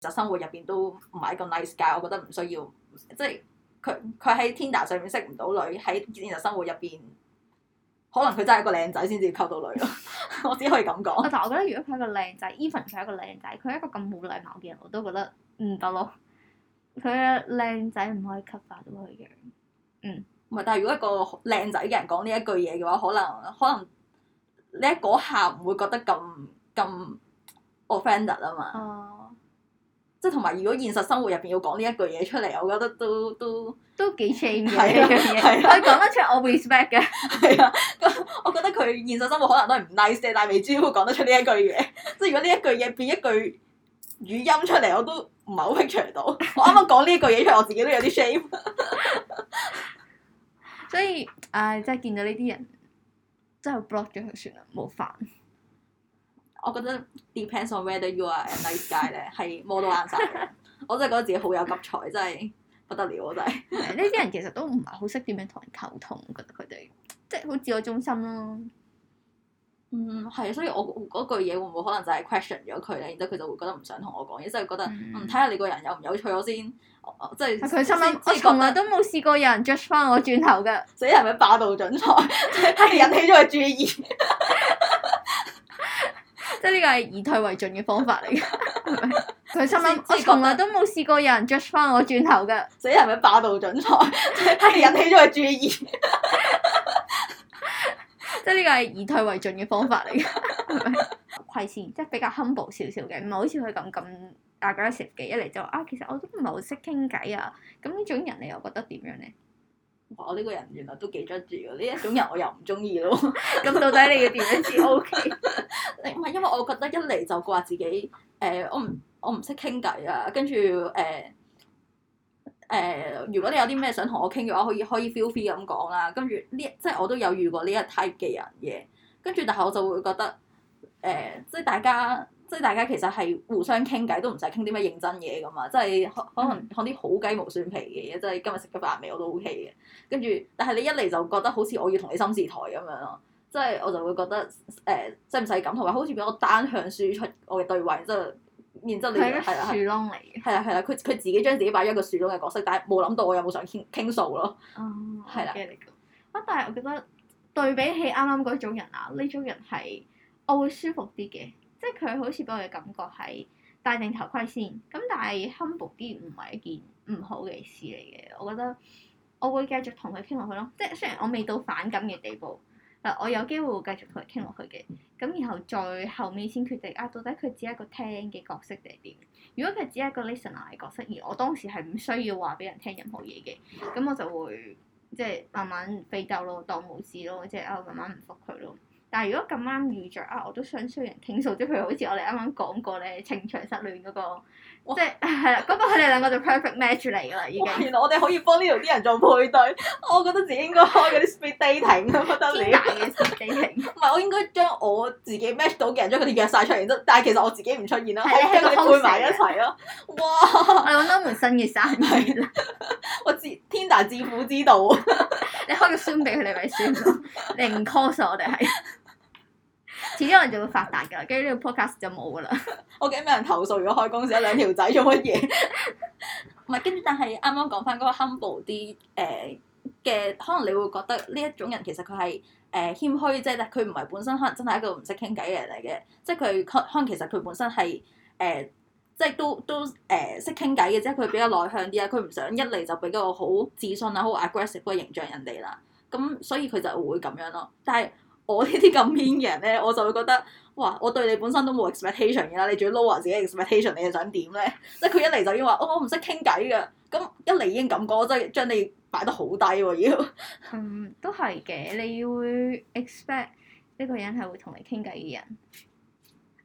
就生活入邊都唔係咁 nice guy，我覺得唔需要，即係佢佢喺 Tinder 上面識唔到女，喺現實生活入邊，可能佢真係一個靚仔先至溝到女咯。 <laughs> 我只可以咁講。 <laughs> 但係我覺得，如果佢係一個靚仔，even 係一個靚仔，佢一個咁冇禮貌嘅人，我都覺得唔得咯。佢靚仔唔可以吸發到佢嘅，嗯，唔係。但係如果一個靚仔嘅人講呢一句嘢嘅話，可能可能。你喺嗰下唔會覺得咁咁 offended 啊嘛，嗯、即係同埋如果現實生活入邊要講呢一句嘢出嚟，我覺得都都都幾 shame 嘅。佢講得出我 respect 嘅，係啊，我覺得佢現實生活可能都係唔 nice 但係未知，先會講得出呢一句嘢。即係如果呢一句嘢變一句語音出嚟，我都唔係好 picture 到。 <laughs> 我啱啱講呢一句嘢出嚟，我自己都有啲 shame。 <laughs> 所以，唉、呃，真係見到呢啲人。真係 block 咗佢算啦，冇煩。我覺得 depends on whether you are a nice guy 咧， <laughs> 係冇答案嘅。我真係覺得自己好有急才，真係不得了，我真係。呢啲 <laughs> <laughs> 人其實都唔係好識點樣同人溝通，我覺得佢哋即係好自我中心咯。嗯，係啊，所以我嗰句嘢會唔會可能就係 question 咗佢咧，然之後佢就會覺得唔想同我講嘢，即係覺得，嗯，睇、嗯、下你個人有唔有趣我先，即係。佢 <laughs> <laughs> 心諗，我從來都冇試過有人 judge 翻我轉頭嘅，所以係咪霸道總裁，即係引起咗佢注意。即係呢個係以退為進嘅方法嚟嘅。佢心諗，我從來都冇試過有人 judge 翻我轉頭嘅，所以係咪霸道總裁，即係引起咗佢注意。即係呢個係以退為進嘅方法嚟嘅，謙 <laughs> 虛即係比較 humble 少少嘅，唔係好似佢咁咁 aggressive 嘅。一嚟就啊，其實我都唔係好識傾偈啊。咁呢種人你又覺得點樣咧？我呢個人原來都幾得住嘅，呢一 <laughs> 種人我又唔中意咯。咁 <laughs> 到底你嘅點樣先 OK？唔係因為我覺得一嚟就話自己誒、呃，我唔我唔識傾偈啊，跟住誒。呃誒、呃，如果你有啲咩想同我傾嘅話，可以可以 feel free 咁講啦。跟住呢，即係我都有遇過呢一 type 嘅人嘅。跟住，但係我就會覺得，誒、呃，即係大家，即係大家其實係互相傾偈都唔使傾啲咩認真嘢噶嘛。即係可，可能啲好雞毛蒜皮嘅嘢，即係今日食咗飯未我都 OK 嘅。跟住，但係你一嚟就覺得好似我要同你心事台咁樣咯，即係我就會覺得，呃、即係唔使咁同埋好似俾我單向輸出我嘅對位即係。然之後你係啊，樹窿嚟嘅係啊，佢佢自己將自己擺咗一個樹窿嘅角色，但係冇諗到我有冇想傾傾訴咯，係啦。啊，嗯，哦，但係我覺得對比起啱啱嗰種人啊，呢種人係我會舒服啲嘅，即係佢好似俾我嘅感覺係戴定頭盔先。咁但係 humble 啲唔係一件唔好嘅事嚟嘅，我覺得我會繼續同佢傾落去咯。即係雖然我未到反感嘅地步。我有機會會繼續同佢傾落去嘅，咁然後再後尾先決定啊，到底佢只係一個聽嘅角色定係點？如果佢只係一個 listener 嘅角色，而我當時係唔需要話俾人聽任何嘢嘅，咁我就會即係、就是、慢慢飛走咯，當冇事咯，即係啊慢慢唔覆佢咯。但係如果咁啱遇着，啊，我都想需要人傾訴，即係譬如好似我哋啱啱講過咧，情場失戀嗰、那個。即係係啦，不過佢哋兩個就 perfect match 嚟噶啦，已經 match。原來我哋可以幫呢度啲人做配對，我覺得自己應該開嗰啲 speed dating 啊，不得了天大嘅 speed dating。唔係、 <laughs> 啊，我應該將我自己 match 到嘅人將佢哋約晒出嚟，都但係其實我自己唔出現啦，我將佢配埋一齊咯。哇！我哋揾到門新嘅生意 <laughs> 我自天大致富之道， <laughs> 你開個宣傳俾佢哋咪算咯，唔 cos 我哋係。始終人就會發達㗎喇，跟住呢個 podcast 就冇㗎喇。我驚俾人投訴？如果開公司有兩條仔做乜嘢？唔 <laughs> 係，跟住但係啱啱講翻嗰個 humble 啲誒嘅、呃，可能你會覺得呢一種人其實佢係誒謙虛即但係佢唔係本身可能真係一個唔識傾偈嘅人嚟嘅，即係佢可，可能其實佢本身係誒，即、呃、係、即係、都都誒識傾偈嘅，只係佢比較內向啲啊，佢唔想一嚟就俾個好自信啊、好 aggressive 嗰個形象人哋啦。咁所以佢就會咁樣咯，但係。我呢啲咁偏嘅人咧，我就會覺得，哇！我對你本身都冇 expectation 嘅啦，你仲要 lower 自己 expectation，你又想點咧？ <laughs> 即係佢一嚟就要、哦、一已經話、啊，我我唔識傾偈嘅，咁一嚟已經咁講，我真係將你擺得好低喎，要。嗯，都係嘅，你會 expect 呢個人係會同你傾偈嘅人。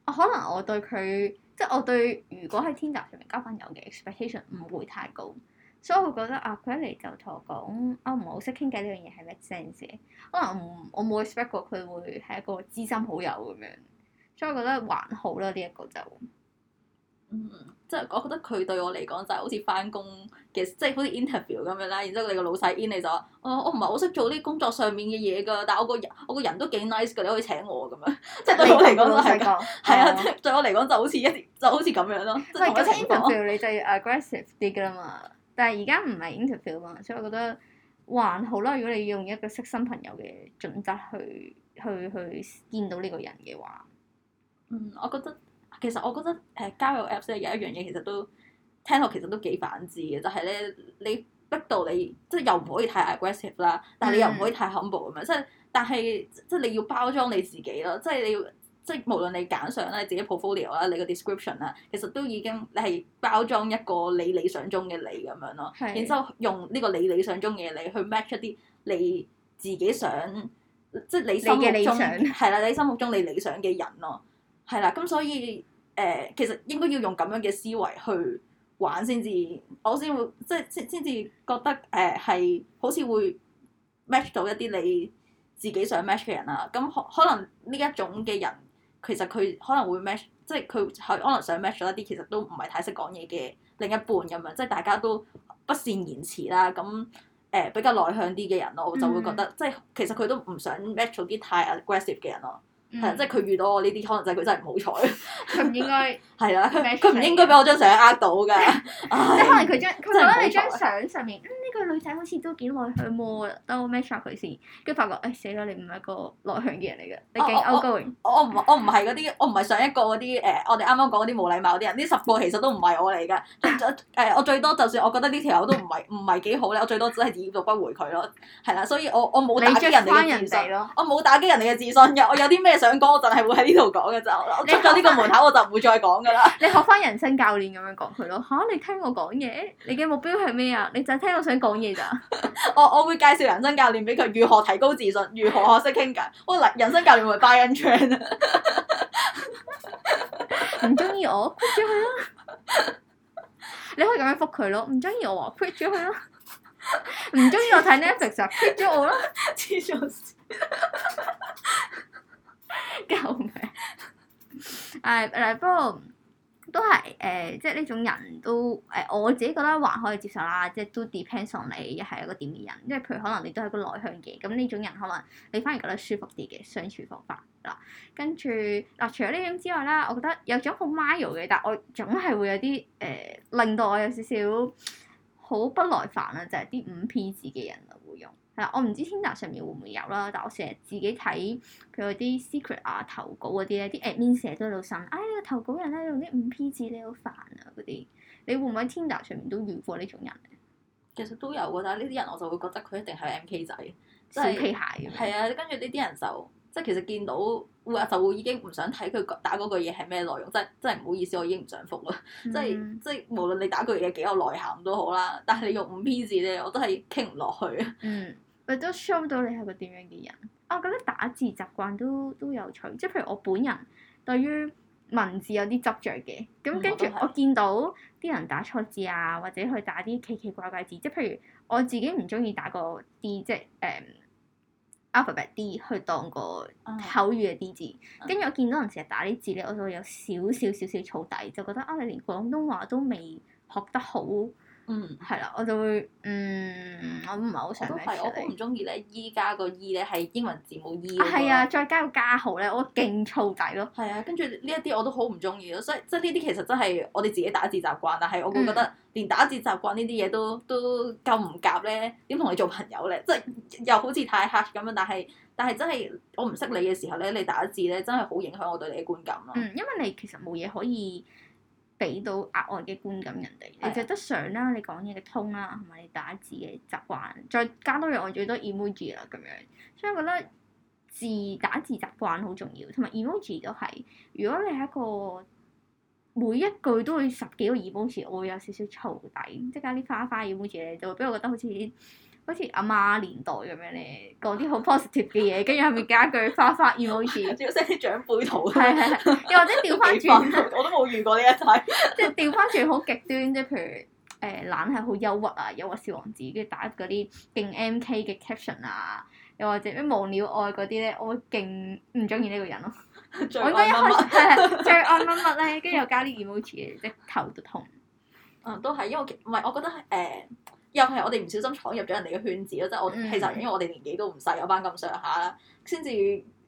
可能我對佢，即係我對，如果喺 Tinder 上面交朋友嘅 expectation 唔會太高。所以我覺得啊，佢一嚟就同我講啊，唔係好識傾偈呢樣嘢係咩 sense？可能我冇 expect 過佢會係一個知心好友咁樣，所以我覺得還好啦。呢一個就，即係我覺得佢對我嚟講就係好似翻工嘅，即係好似 interview 咁樣啦。然之後你個老細 in 你就話，我唔係好識做啲工作上面嘅嘢㗎，但係我個我個人都幾 nice 嘅，你可以請我咁樣。即係對我嚟講都係㗎，係啊！即係對我嚟講就好似一就好似咁樣咯。即係 interview 你就 aggressive 啲㗎喇嘛。但係而家唔係 interview 嘛，所以我覺得還好啦。如果你用一個識新朋友嘅準則去去去見到呢個人嘅話，嗯，我覺得其實我覺得誒交友 app 即係有一樣嘢，其實都聽落其實都幾反智嘅，就係咧你逼到你即係又唔可以太 aggressive 啦，但係你又唔可以太恐怖咁樣，即係但係即係你要包裝你自己咯，即係你要。即係無論你揀相啦、你自己 portfolio 啦、你個 description 啦，其實都已經你係包裝一個你理想中嘅你咁樣咯。是然之後用呢個你理想中嘅你去 match 一啲你自己想，即係你心目中係啦，你心目中你理想嘅人咯。係啦，咁所以誒、呃、其實應該要用咁樣嘅思維去玩先至，我先會，即係先先至覺得誒係、呃、好似會 match 到一啲你自己想 match 嘅人啦。咁可可能呢一種嘅人。其實佢可能會 match，即係佢可能想 match 咗一啲，其實都唔係太識講嘢嘅另一半咁樣，即係大家都不善言辭啦，咁誒、呃、比較內向啲嘅人咯，我、嗯、就會覺得即係其實佢都唔想 match 咗啲太 aggressive 嘅人咯。係，嗯、即係佢遇到我呢啲，可能就係佢真係唔好彩。佢唔應該係啊！佢唔應該俾我張相呃到㗎。 <laughs> 哎、即係可能佢張，佢覺得你張相上面，呢、嗯呢個女仔好似都幾內向喎，等我 match 佢先。跟住發覺，誒、哎、死啦！你唔係一個內向嘅人嚟嘅。你勁 outgoing。我唔我唔係嗰啲，我唔係上一個嗰啲誒，我哋啱啱講嗰啲冇禮貌啲人。呢十個其實都唔係我嚟㗎。誒、欸，我最多就算我覺得呢條友都唔係唔係幾好咧，我最多只係自己到不回佢咯。係啦，所以我我冇打擊人哋嘅自，自信，我冇打擊人哋嘅自信㗎。我有啲咩？想我講我，我就係會喺呢度講嘅就啫，我出咗呢個門口我就唔會再講嘅啦。你學翻人生教練咁樣講佢咯？嚇、啊，你聽我講嘢，你嘅目標係咩啊？你就聽我想講嘢咋？ <laughs> 我我會介紹人生教練俾佢，如何提高自信，如何學識傾偈。哇，嗱，人生教練會 buy in trend 啊！唔中意我，quit 咗佢啦。 <laughs> 你可以咁樣覆佢咯，唔中意我 quit 咗佢啦。唔中意我睇呢 <laughs> <laughs> <laughs> 一隻就 quit 咗我啦，黐咗。救命！誒 <laughs> 嗱，不過都係誒，即係呢種人都誒、呃，我自己覺得還可以接受啦。即係都 depends on 你係一個點嘅人，即係譬如可能你都係個內向嘅，咁呢種人可能你反而覺得舒服啲嘅相處方法啦。跟住嗱，除咗呢種之外啦，我覺得有種好 mellow 嘅，但係我總係會有啲誒、呃，令到我有少少好不耐煩啊，就係啲五 P 字嘅人會用。係啊，我唔知 Tinder 上面會唔會有啦，但我成日自己睇佢嗰啲 secret 啊投稿嗰啲咧，啲 admin 成日都喺度呻，哎呀，個投稿人咧、啊、用啲五 P 字咧好煩啊嗰啲，你會唔會喺 Tinder 上面都遇過呢種人？其實都有㗎，但係呢啲人我就會覺得佢一定係 MK 仔，小屁孩。係啊，跟住呢啲人就。即係其實見到，哇、哎，就會已經唔想睇佢打嗰句嘢係咩內容，即係真係唔好意思，我已經唔想覆啦、嗯。即係即係無論你打句嘢幾有內涵都好啦，但係你用五篇字咧，我都係傾唔落去啊。嗯，我都 show 到你係個點樣嘅人。我覺得打字習慣都都有趣，即係譬如我本人對於文字有啲執着嘅。咁跟住我見到啲人打錯字啊，或者去打啲奇奇怪怪字，即係譬如我自己唔中意打嗰啲即係誒。嗯 alphabet 啲去當個口語嘅啲字，跟住，oh。我見到人成日打啲字咧，我就會有少少少少燥底，就覺得啊，你連廣東話都未學得好。嗯，係啦，我就會，嗯，我唔係好想咩，我都係，我都唔中意咧。依家個 E 咧係英文字母 E，啊係啊，再加個加號咧，我勁燥底咯。係啊，跟住呢一啲我都好唔中意咯，所以即係呢啲其實真係我哋自己打字習慣，但係我會覺得連打字習慣呢啲嘢都都夠唔夾咧，點同你做朋友咧？即係又好似太 harsh 咁樣，但係但係真係我唔識你嘅時候咧，你打字咧真係好影響我對你嘅觀感咯。嗯，因為你其實冇嘢可以。俾到額外嘅觀感人哋，你就得上啦，啊，你講嘢嘅通啦，同埋你打字嘅習慣，再加多樣我最多 emoji 啦咁樣，所以我覺得字打字習慣好重要，同埋 emoji 都係。如果你係一個每一句都要十幾個 emoji，我會有少少燥底，即係加啲花花 emoji 咧，就俾我覺得好似。好似阿媽年代咁樣咧，講啲好 positive 嘅嘢，跟住後面加句花花 emoji，即係啲長輩圖。係係，又或者調翻轉，我都冇遇過呢一塊。即係調翻轉好極端啫，譬如誒懶係好憂鬱啊，憂鬱小王子，跟住打嗰啲勁 MK 嘅 caption 啊，又或者咩無了愛嗰啲咧，我勁唔中意呢個人咯 <laughs> 。最愛乜乜，係係最愛乜乜咧，跟住又加啲 emoji 嘅，即係頭都痛。嗯，都係因為唔係，我覺得誒。呃又係我哋唔小心闖入咗人哋嘅圈子咯，即係我、嗯、其實因為我哋年紀都唔細，有返咁上下啦，先至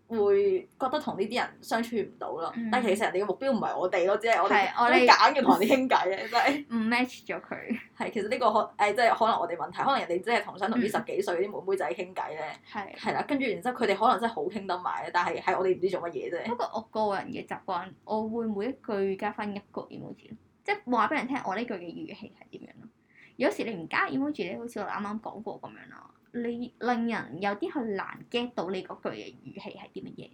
會覺得同呢啲人相處唔到咯。嗯、但係其實人哋嘅目標唔係我哋咯，只係我哋我哋揀要同人哋傾偈咧，嗯、真係唔 match 咗佢。係其實呢、呢個可、呃、即係可能我哋問題，可能人哋真係想同啲十幾歲啲妹妹仔傾偈咧，係啦、嗯，跟住然之後佢哋可能真係好傾得埋，但係係我哋唔知做乜嘢啫。不過我個人嘅習慣，我會每一句加翻一個字好似，即係話俾人聽我呢句嘅語氣係點樣咯。有時你唔加 emoji 咧，好似我啱啱講過咁樣咯，你令人有啲去難 get 到你嗰句嘅語氣係啲乜嘢。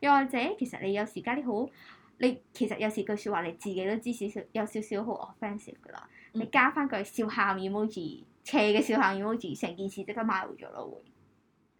又或者其實你有時加啲好，你其實有時句説話你自己都知少少，有少少好 offensive 噶啦。你加翻句笑喊 emoji，斜嘅笑喊 emoji，成件事即刻 mild 咗咯會。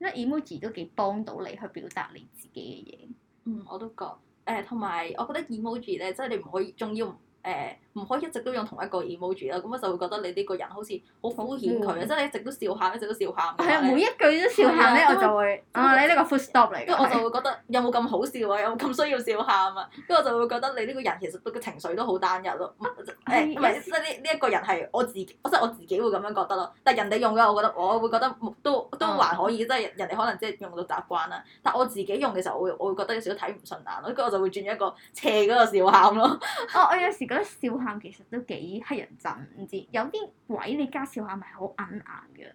因為 emoji 都幾幫到你去表達你自己嘅嘢。嗯，我都覺。誒、呃，同埋我覺得 emoji 咧，即係你唔可以，仲要誒。呃唔可以一直都用同一個 emoji 啦，咁我就會覺得你呢個人好似好敷衍佢啊，即係一直都笑喊，一直都笑喊。係每一句都笑喊咧，我就會。啊，你呢個 full stop 嚟嘅。即係我就會覺得有冇咁好笑啊？有冇咁需要笑喊啊？跟住我就會覺得你呢個人其實個情緒都好單一咯。唔，唔係，即係呢呢一個人係我自己，即係我自己會咁樣覺得咯。但係人哋用嘅我覺得，我會覺得都都還可以，即係人哋可能即係用到習慣啦。但我自己用嘅時候，我會我會覺得有時睇唔順眼咯，跟住我就會轉一個斜嗰個笑喊咯。哦，我有時覺得笑。其實都幾乞人憎，唔知有啲位你加笑下咪好硬硬嘅，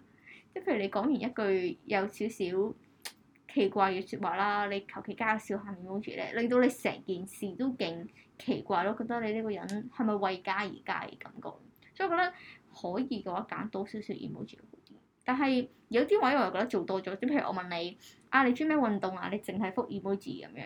即譬如你講完一句有少少奇怪嘅説話啦，你求其加個笑下 emoji 咧，令到你成件事都勁奇怪咯，覺得你呢個人係咪為加而加嘅感覺？所以我覺得可以嘅話揀多少少 emoji 好啲，但係有啲位我又覺得做多咗，即譬如我問你啊，你鍾意咩運動啊？你淨係覆 emoji 咁樣。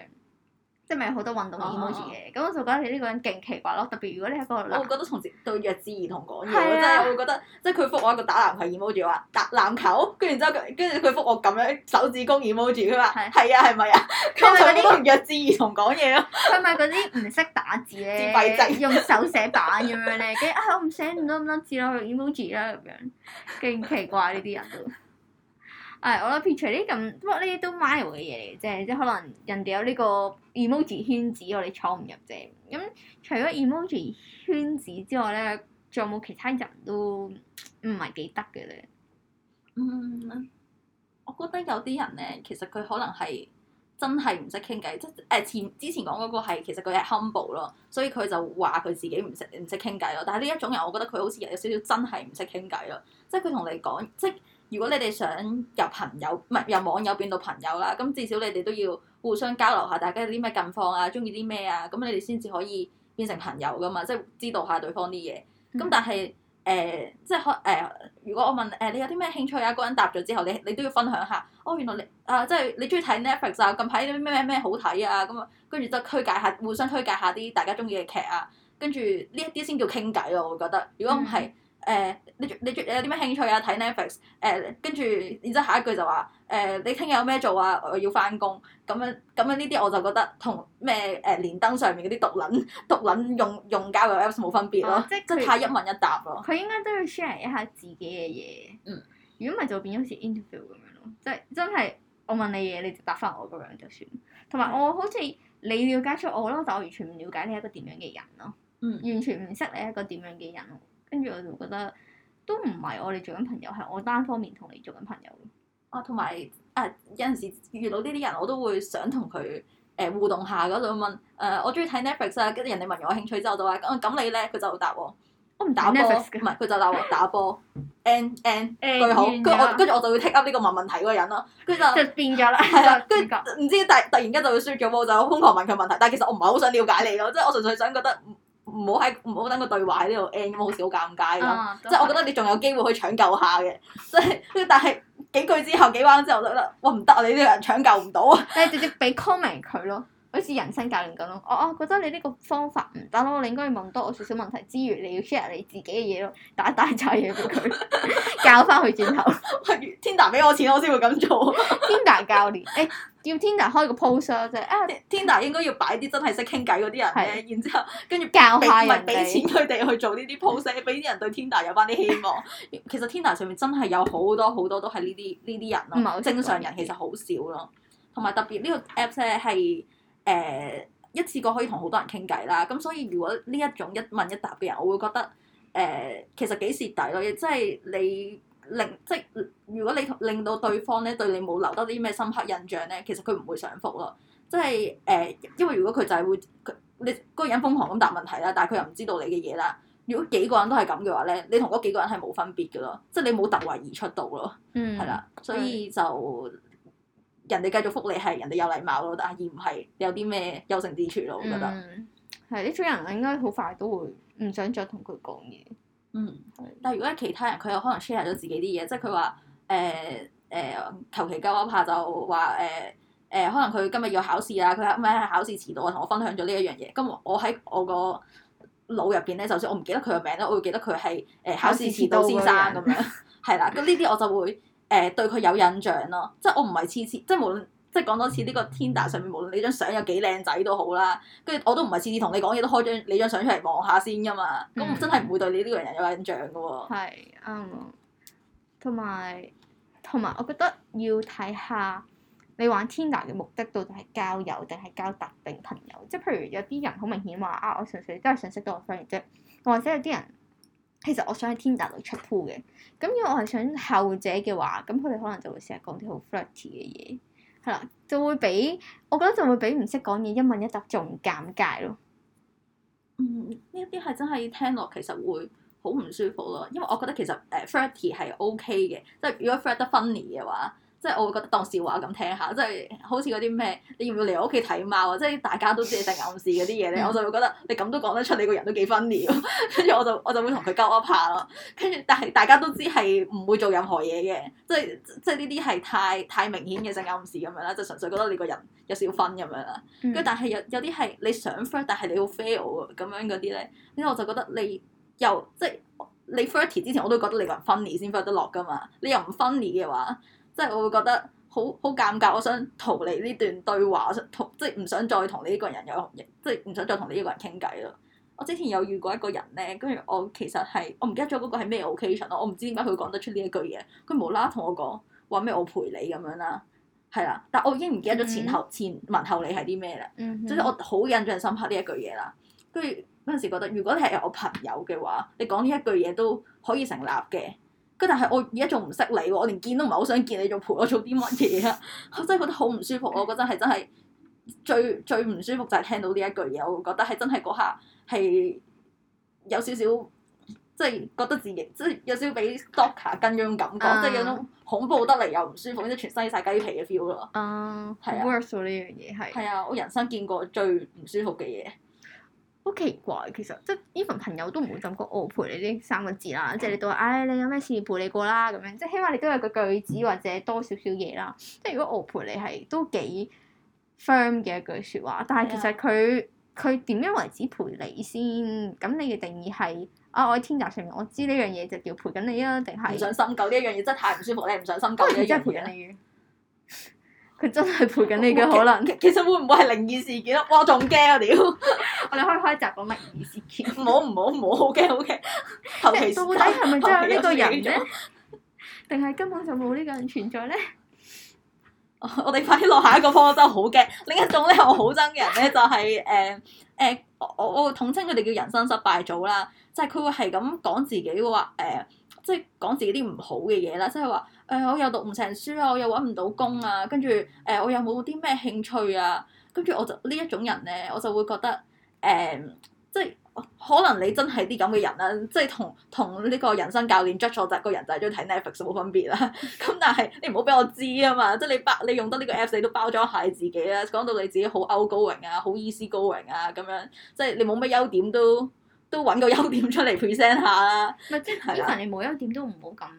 即係咪好多運動 emoji 嘅？咁我就覺得你呢個人勁奇怪咯，特別如果你係一個我會覺得從字對弱智兒童講嘢，啊、我真係會覺得，即係佢覆我一個打籃球 emoji 話打籃球，跟住之後跟住佢覆我咁樣手指公 emoji，佢話係啊係咪啊？佢咪都唔弱智兒童講嘢咯，佢咪嗰啲唔識打字咧， <laughs> 用手寫板咁樣咧，跟住 <laughs> <laughs> 啊我唔寫唔多唔多字啦，用 emoji 啦咁樣，勁奇怪呢啲人。係、哎，我覺得撇除呢啲咁，不過呢啲都 mile 嘅嘢嚟啫，即係可能人哋有呢個 emoji 圈子，我哋坐唔入啫。咁除咗 emoji 圈子之外咧，仲有冇其他人都唔係幾得嘅咧？嗯，我覺得有啲人咧，其實佢可能係真係唔識傾偈，即係、欸、前之前講嗰個係其實佢係 humble 咯，所以佢就話佢自己唔識唔識傾偈咯。但係呢一種人，我覺得佢好似有少少真係唔識傾偈咯，即係佢同你講即。如果你哋想由朋友唔係由網友變到朋友啦，咁至少你哋都要互相交流下，大家有啲咩近況啊，中意啲咩啊，咁你哋先至可以變成朋友㗎嘛，即係知道下對方啲嘢。咁、嗯、但係誒、呃，即係可誒，如果我問誒、呃、你有啲咩興趣啊，個人答咗之後，你你都要分享下。哦，原來你啊，即係你中意睇 Netflix 啊，近排啲咩咩咩好睇啊，咁啊，跟住就推介下，互相推介下啲大家中意嘅劇啊，跟住呢一啲先叫傾偈咯，我覺得。如果唔係，嗯誒、呃，你你你有啲咩興趣啊？睇 Netflix，誒、呃，跟住，然之後下一句就話，誒、呃，你聽日有咩做啊？我要翻工，咁樣咁樣呢啲我就覺得同咩誒連登上面嗰啲毒撚毒撚用用交友 Apps 冇分別咯、啊，即係太一問一答咯。佢應該都要 share 一下自己嘅嘢。嗯。如果唔係就變咗好似 interview 咁樣咯，即、就、係、是、真係我問你嘢你就答翻我咁樣就算，同埋我好似你了解出我咯，但我完全唔了解你係一個點樣嘅人咯，嗯、完全唔識你係一個點樣嘅人。跟住我就覺得都唔係我哋做緊朋友，係我單方面同你做緊朋友。啊，同埋啊，有陣時遇到呢啲人，我都會想同佢誒互動下，嗰度問誒我中意睇 Netflix 啊，跟住人哋問我興趣之後，就話咁你咧，佢就答我，我唔打波，唔係佢就答我打波，N N 句好，跟住我就會 take up 呢個問問題嗰個人咯，跟住就變咗啦，係啦，跟住唔知突突然間就會輸咗波，就瘋狂問佢問題，但係其實我唔係好想了解你咯，即係我純粹想覺得。唔好喺唔好等個對話喺呢度 end，咁好似好尷尬咁。嗯、即係我覺得你仲有機會去搶救下嘅，即係、嗯， <laughs> 但係幾句之後幾彎之後，我覺得，哇唔得啊！你呢個人搶救唔到啊！但係直接俾 comment 佢咯。好似人生教練咁咯，我我覺得你呢個方法唔得咯，你應該要問多我少少問題之餘，你要 share 你自己嘅嘢咯，打大扎嘢俾佢，教翻佢轉頭。天大俾我錢，我先會咁做。天大教練，誒要天大開個 pose 即係啊，天大應該要擺啲真係識傾偈嗰啲人咧，然之後跟住教下人，唔係俾錢佢哋去做呢啲 pose，俾啲人對天大有翻啲希望。其實天大上面真係有好多好多都係呢啲呢啲人咯，正常人其實好少咯。同埋特別呢個 app s 咧係。誒、呃、一次過可以同好多人傾偈啦，咁所以如果呢一種一問一答嘅人，我會覺得誒、呃、其實幾蝕底咯，亦即係你令即係如果你令到對方咧對你冇留得啲咩深刻印象咧，其實佢唔會上福咯，即係誒、呃、因為如果佢就係會你個人瘋狂咁答問題啦，但係佢又唔知道你嘅嘢啦。如果幾個人都係咁嘅話咧，你同嗰幾個人係冇分別嘅咯，即係你冇突圍而出到咯，係、嗯、啦，所以，所以就。人哋繼續覆你係人哋有禮貌咯，但係而唔係有啲咩優勝之處咯，我覺得係呢種人應該好快都會唔想再同佢講嘢。嗯，但係如果係其他人，佢又可能 share 咗自己啲嘢，即係佢話誒誒求其交，下、呃呃、就話誒誒，可能佢今日要考試啊，佢咩考試遲到啊，同我分享咗呢一樣嘢。咁我喺我個腦入邊咧，就算我唔記得佢個名咧，我會記得佢係誒考試遲到先生咁樣，係啦。咁呢啲我就會。誒、呃、對佢有印象咯，即係我唔係次次，即係無論即係講多次呢、呢個 Tinder 上面，無論你張相有幾靚仔都好啦，跟住我都唔係次次同你講嘢都開張你張相出嚟望下先噶嘛，咁、嗯、我真係唔會對你呢個人有印象噶喎。係同埋同埋，嗯、我覺得要睇下你玩 Tinder 嘅目的到底係交友定係交特定朋友，即係譬如有啲人好明顯話啊，我純粹真係想識到個 friend 啫，或者有啲人。其實我想喺 Tinder 度出 pool 嘅，咁如果我係想後者嘅話，咁佢哋可能就會成日講啲好 flirty 嘅嘢，係啦，就會俾我覺得就會比唔識講嘢一問一答仲尷尬咯。嗯，呢一啲係真係聽落其實會好唔舒服咯，因為我覺得其實誒 flirty 係 OK 嘅，即係如果 flirt 得 funny 嘅話。即係我會覺得當笑話咁聽下，即係好似嗰啲咩，你要唔要嚟我屋企睇貓啊？即係大家都知你性暗示嗰啲嘢咧，mm. 我就會覺得你咁都講得出，你個人都幾 funny。跟住我就我就會同佢鳩一下咯。跟住但係大家都知係唔會做任何嘢嘅，即係即係呢啲係太太明顯嘅性暗示咁樣啦。就純粹覺得你個人有少 fun 咁樣啦。跟住、mm. 但係有有啲係你想 fun 但係你好 fail 嘅咁樣嗰啲咧，因為我就覺得你又即係你 fun 之前我都覺得你個人 funny 先 fun 得落㗎嘛。你又唔 funny 嘅話。即係我會覺得好好尷尬，我想逃離呢段對話，我想同即係唔想再同呢個人有，即係唔想再同呢個人傾偈啦。我之前有遇過一個人咧，跟住我其實係我唔記得咗嗰個係咩 occasion 咯，我唔知點解佢講得出呢一句嘢。佢無啦啦同我講話咩我陪你咁樣啦，係啦，但我已經唔記得咗前後、mm hmm. 前文後理係啲咩啦。嗯、mm，hmm. 所以我好印象深刻呢一句嘢啦。跟住嗰陣時覺得，如果你係我朋友嘅話，你講呢一句嘢都可以成立嘅。但係，我而家仲唔識你喎，我連見都唔係好想見你，仲陪我做啲乜嘢啊？我真係覺得好唔舒服。我覺得係真係最最唔舒服，舒服就係聽到呢一句嘢，我覺得係真係嗰下係有少少，即係覺得自己即係有少少俾 doctor、er、跟嗰種感覺，uh, 即係有種恐怖得嚟又唔舒服，即係全撕晒雞皮嘅 feel 咯。啊，係啊，worst 呢樣嘢係係啊，我人生見過最唔舒服嘅嘢。好奇怪，其實即係 even 朋友都唔會咁講我陪你呢三個字啦，即係你都話，唉、哎，你有咩事陪你過啦咁樣，即係起碼你都有個句子或者多少少嘢啦。即係如果我、哦、陪你係都幾 firm 嘅一句説話，但係其實佢佢點樣為止陪你先？咁你嘅定義係啊，我喺天台上面，我知呢樣嘢就叫陪緊你啊，定係唔想深究呢一樣嘢真係太唔舒服，你唔想深究，你真係陪緊你。」 <laughs> 佢真係陪緊你嘅可能，okay. 其實會唔會係靈異事件啊？哇！仲驚啊屌！我哋可以開集講咩靈異事件？唔好唔好唔好，好驚好驚！即係 <laughs> <laughs> <laughs> 到底係咪真有呢個人咧？定係根本就冇呢個人存在咧？ <laughs> 我哋快啲落下一個方法真係好驚。另一種咧，就係呃呃，我好憎嘅人咧，就係誒誒，我我統稱佢哋叫人生失敗組啦，即係佢會係咁講自己話誒，即係講自己啲唔好嘅嘢啦，即係話。誒、呃、我又讀唔成書啊，我又揾唔到工啊，跟住誒、呃、我又冇啲咩興趣啊，跟住我就呢一種人咧，我就會覺得誒、嗯，即係可能你真係啲咁嘅人啦，即係同同呢個人生教練 judge 我就係個人就係中意睇 Netflix 冇分別啦。咁但係你唔好俾我知啊嘛，即係你你用得呢個 apps，你都包裝下自己啊，講到你自己好 outgoing 啊，好 easygoing 啊，咁樣即係你冇乜優點都都揾個優點出嚟 present 下啦。即係，其實你冇優點都唔好咁。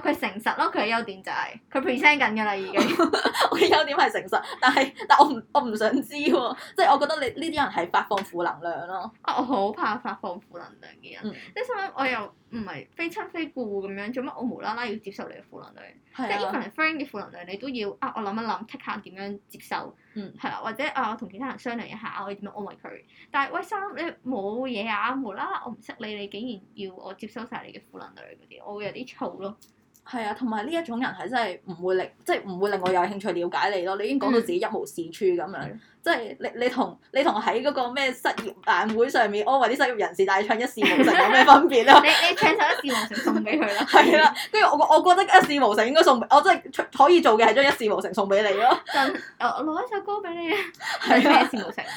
佢誠實咯，佢嘅優點就係佢 present 緊㗎啦，已經。我嘅優點係誠實，但係但我唔我唔想知喎，即係我覺得你呢啲人係發放負能量咯。啊，我好怕發放負能量嘅人，即係所以我又唔係非親非故咁樣，做乜我無啦啦要接受你嘅負能量？即係 even friend 嘅負能量，你都要啊！我諗一諗睇下點樣接受？嗯，係啦，或者啊，我同其他人商量一下，我可以點樣安慰佢？但係喂三你冇嘢啊，無啦啦我唔識你，你竟然要我接收晒你嘅負能量嗰啲，我會有啲燥咯。係啊，同埋呢一種人係真係唔會令，即係唔會令我有興趣了解你咯。你已經講到自己一無是處咁樣，嗯、即係你你同你同喺嗰個咩失業晚會上面安慰啲失業人士唱，但係唱一事無成有咩分別啊？ <laughs> 你你唱首一事無成送俾佢啦。係啦、啊，跟住、嗯、我我覺得一事無成應該送，我真係可以做嘅係將一事無成送俾你咯。我攞一首歌俾你，係咩一事無成？ <laughs>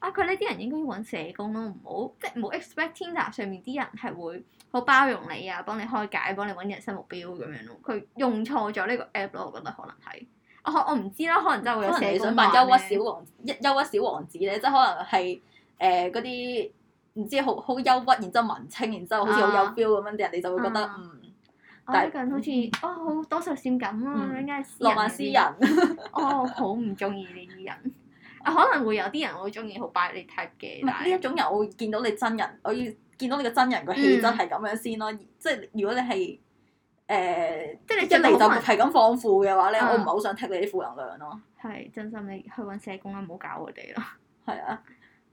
啊！佢呢啲人應該要揾社工咯，唔好即係冇 expecting 上面啲人係會好包容你啊，幫你開解，幫你揾人生目標咁樣咯。佢用錯咗呢個 app 咯，我覺得可能係、哦。我唔知啦，可能真係會有社工想扮憂鬱小王，呢憂鬱小王，憂鬱小王子咧，即係可能係誒嗰啲唔知好好憂鬱，然之後文青，然之後好似好有標咁樣啲人，你就會覺得、啊、嗯。最近是好似哦，好多愁善感啊，應該係浪漫詩人。嗯、人 <laughs> 哦，好唔中意呢啲人。啊，可能會有啲人會中意好 badly type 嘅，唔係呢一種人，我會見到你真人，我要見到你個真人個氣質係咁樣先咯，嗯、即係如果你係誒，呃、即係是你一嚟就係咁放負嘅話咧，嗯、我唔係好想踢你啲負能量咯。係真心你去揾社工啊，唔好搞佢哋啦。係啊，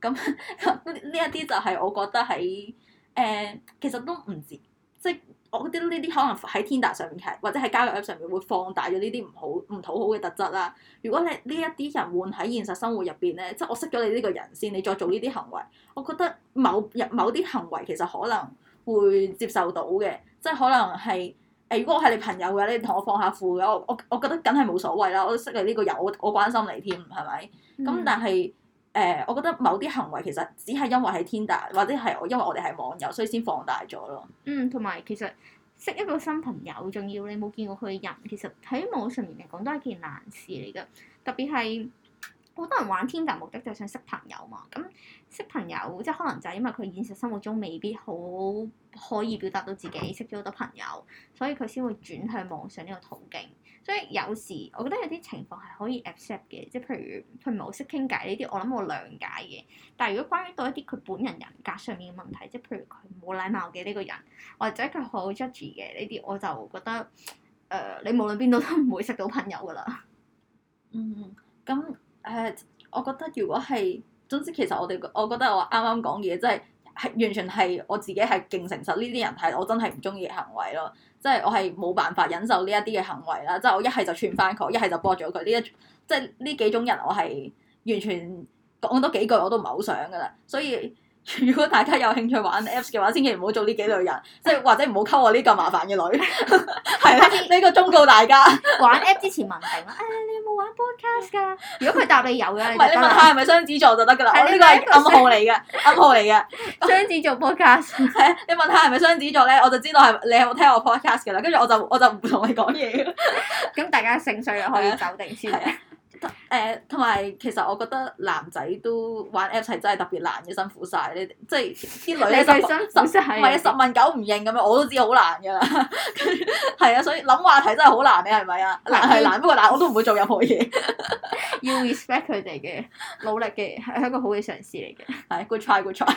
咁呢一啲就係我覺得喺誒、呃，其實都唔知即。我覺得呢啲可能喺 Tinder 上面睇，或者喺交友 App 上面會放大咗呢啲唔好唔討好嘅特質啦。如果你呢一啲人換喺現實生活入邊咧，即係我識咗你呢個人先，你再做呢啲行為，我覺得某某啲行為其實可能會接受到嘅，即係可能係誒、呃。如果我係你朋友嘅，你同我放下負嘅，我我我覺得梗係冇所謂啦。我識你呢個人，我我關心你添，係咪？咁但係。嗯誒，uh, 我覺得某啲行為其實只係因為喺 Tinder，或者係我因為我哋係網友，所以先放大咗咯。嗯，同埋其實識一個新朋友，仲要你冇見過佢人，其實喺網上面嚟講都係一件難事嚟㗎。特別係好多人玩 Tinder 目的就想識朋友嘛。咁識朋友即係可能就係因為佢現實生活中未必好可以表達到自己，識咗好多朋友，所以佢先會轉向網上呢個途徑。即係有時我覺得有啲情況係可以 accept 嘅，即係譬如佢唔係好識傾偈呢啲，我諗我諒解嘅。但係如果關於到一啲佢本人人格上面嘅問題，即係譬如佢冇禮貌嘅呢個人，或者佢好 judge 嘅呢啲，我就覺得誒、呃，你無論邊度都唔會識到朋友㗎啦。嗯，咁誒、呃，我覺得如果係總之，其實我哋我覺得我啱啱講嘅嘢真係係完全係我自己係勁誠實，呢啲人係我真係唔中意嘅行為咯。即係我係冇辦法忍受呢一啲嘅行為啦，即係我一係就串翻佢，一係就駁咗佢。呢一即係呢幾種人，我係完全講多幾句我都唔係好想㗎啦，所以。如果大家有興趣玩 Apps 嘅話，千祈唔好做呢幾類人，即係或者唔好溝我呢咁麻煩嘅女，係啦，呢個忠告大家。玩 Apps 之前問定啦，誒你有冇玩 Podcast 㗎？如果佢答你有嘅，你問下係咪雙子座就得㗎啦，我呢個係暗號嚟嘅，暗號嚟嘅。雙子座 Podcast，你問下係咪雙子座咧，我就知道係你有冇聽我 Podcast 㗎啦，跟住我就我就唔同你講嘢。咁大家性趣又可以走定先。誒同埋其實我覺得男仔都玩 Apps 係真係特別難嘅，辛苦晒。咧，即係啲女嘅就辛苦係十問九唔應咁樣，我都知好難㗎喇。係 <laughs> 啊，所以諗話題真係好難嘅，係咪啊？難係難，不過難我都唔會做任何嘢。要 respect 佢哋嘅努力嘅，係一個好嘅嘗試嚟嘅，係 good try good try。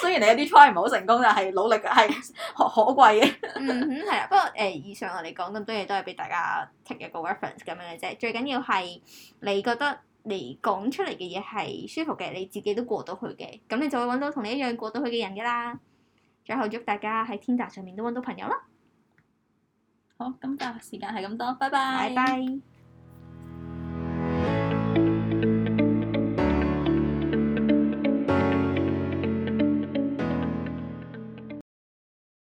雖然你有啲 try 唔係好成功，但係努力係可可貴嘅。 <laughs> 嗯哼，係啊。不過誒，以上我哋講咁多嘢都係俾大家 take 一個 reference 咁樣嘅啫，最緊要係。你覺得你講出嚟嘅嘢係舒服嘅，你自己都過到去嘅，咁你就會揾到同你一樣過到去嘅人噶啦。最後祝大家喺 Tinder 上面都揾到朋友啦！好，今日時間係咁多，拜拜。Bye bye。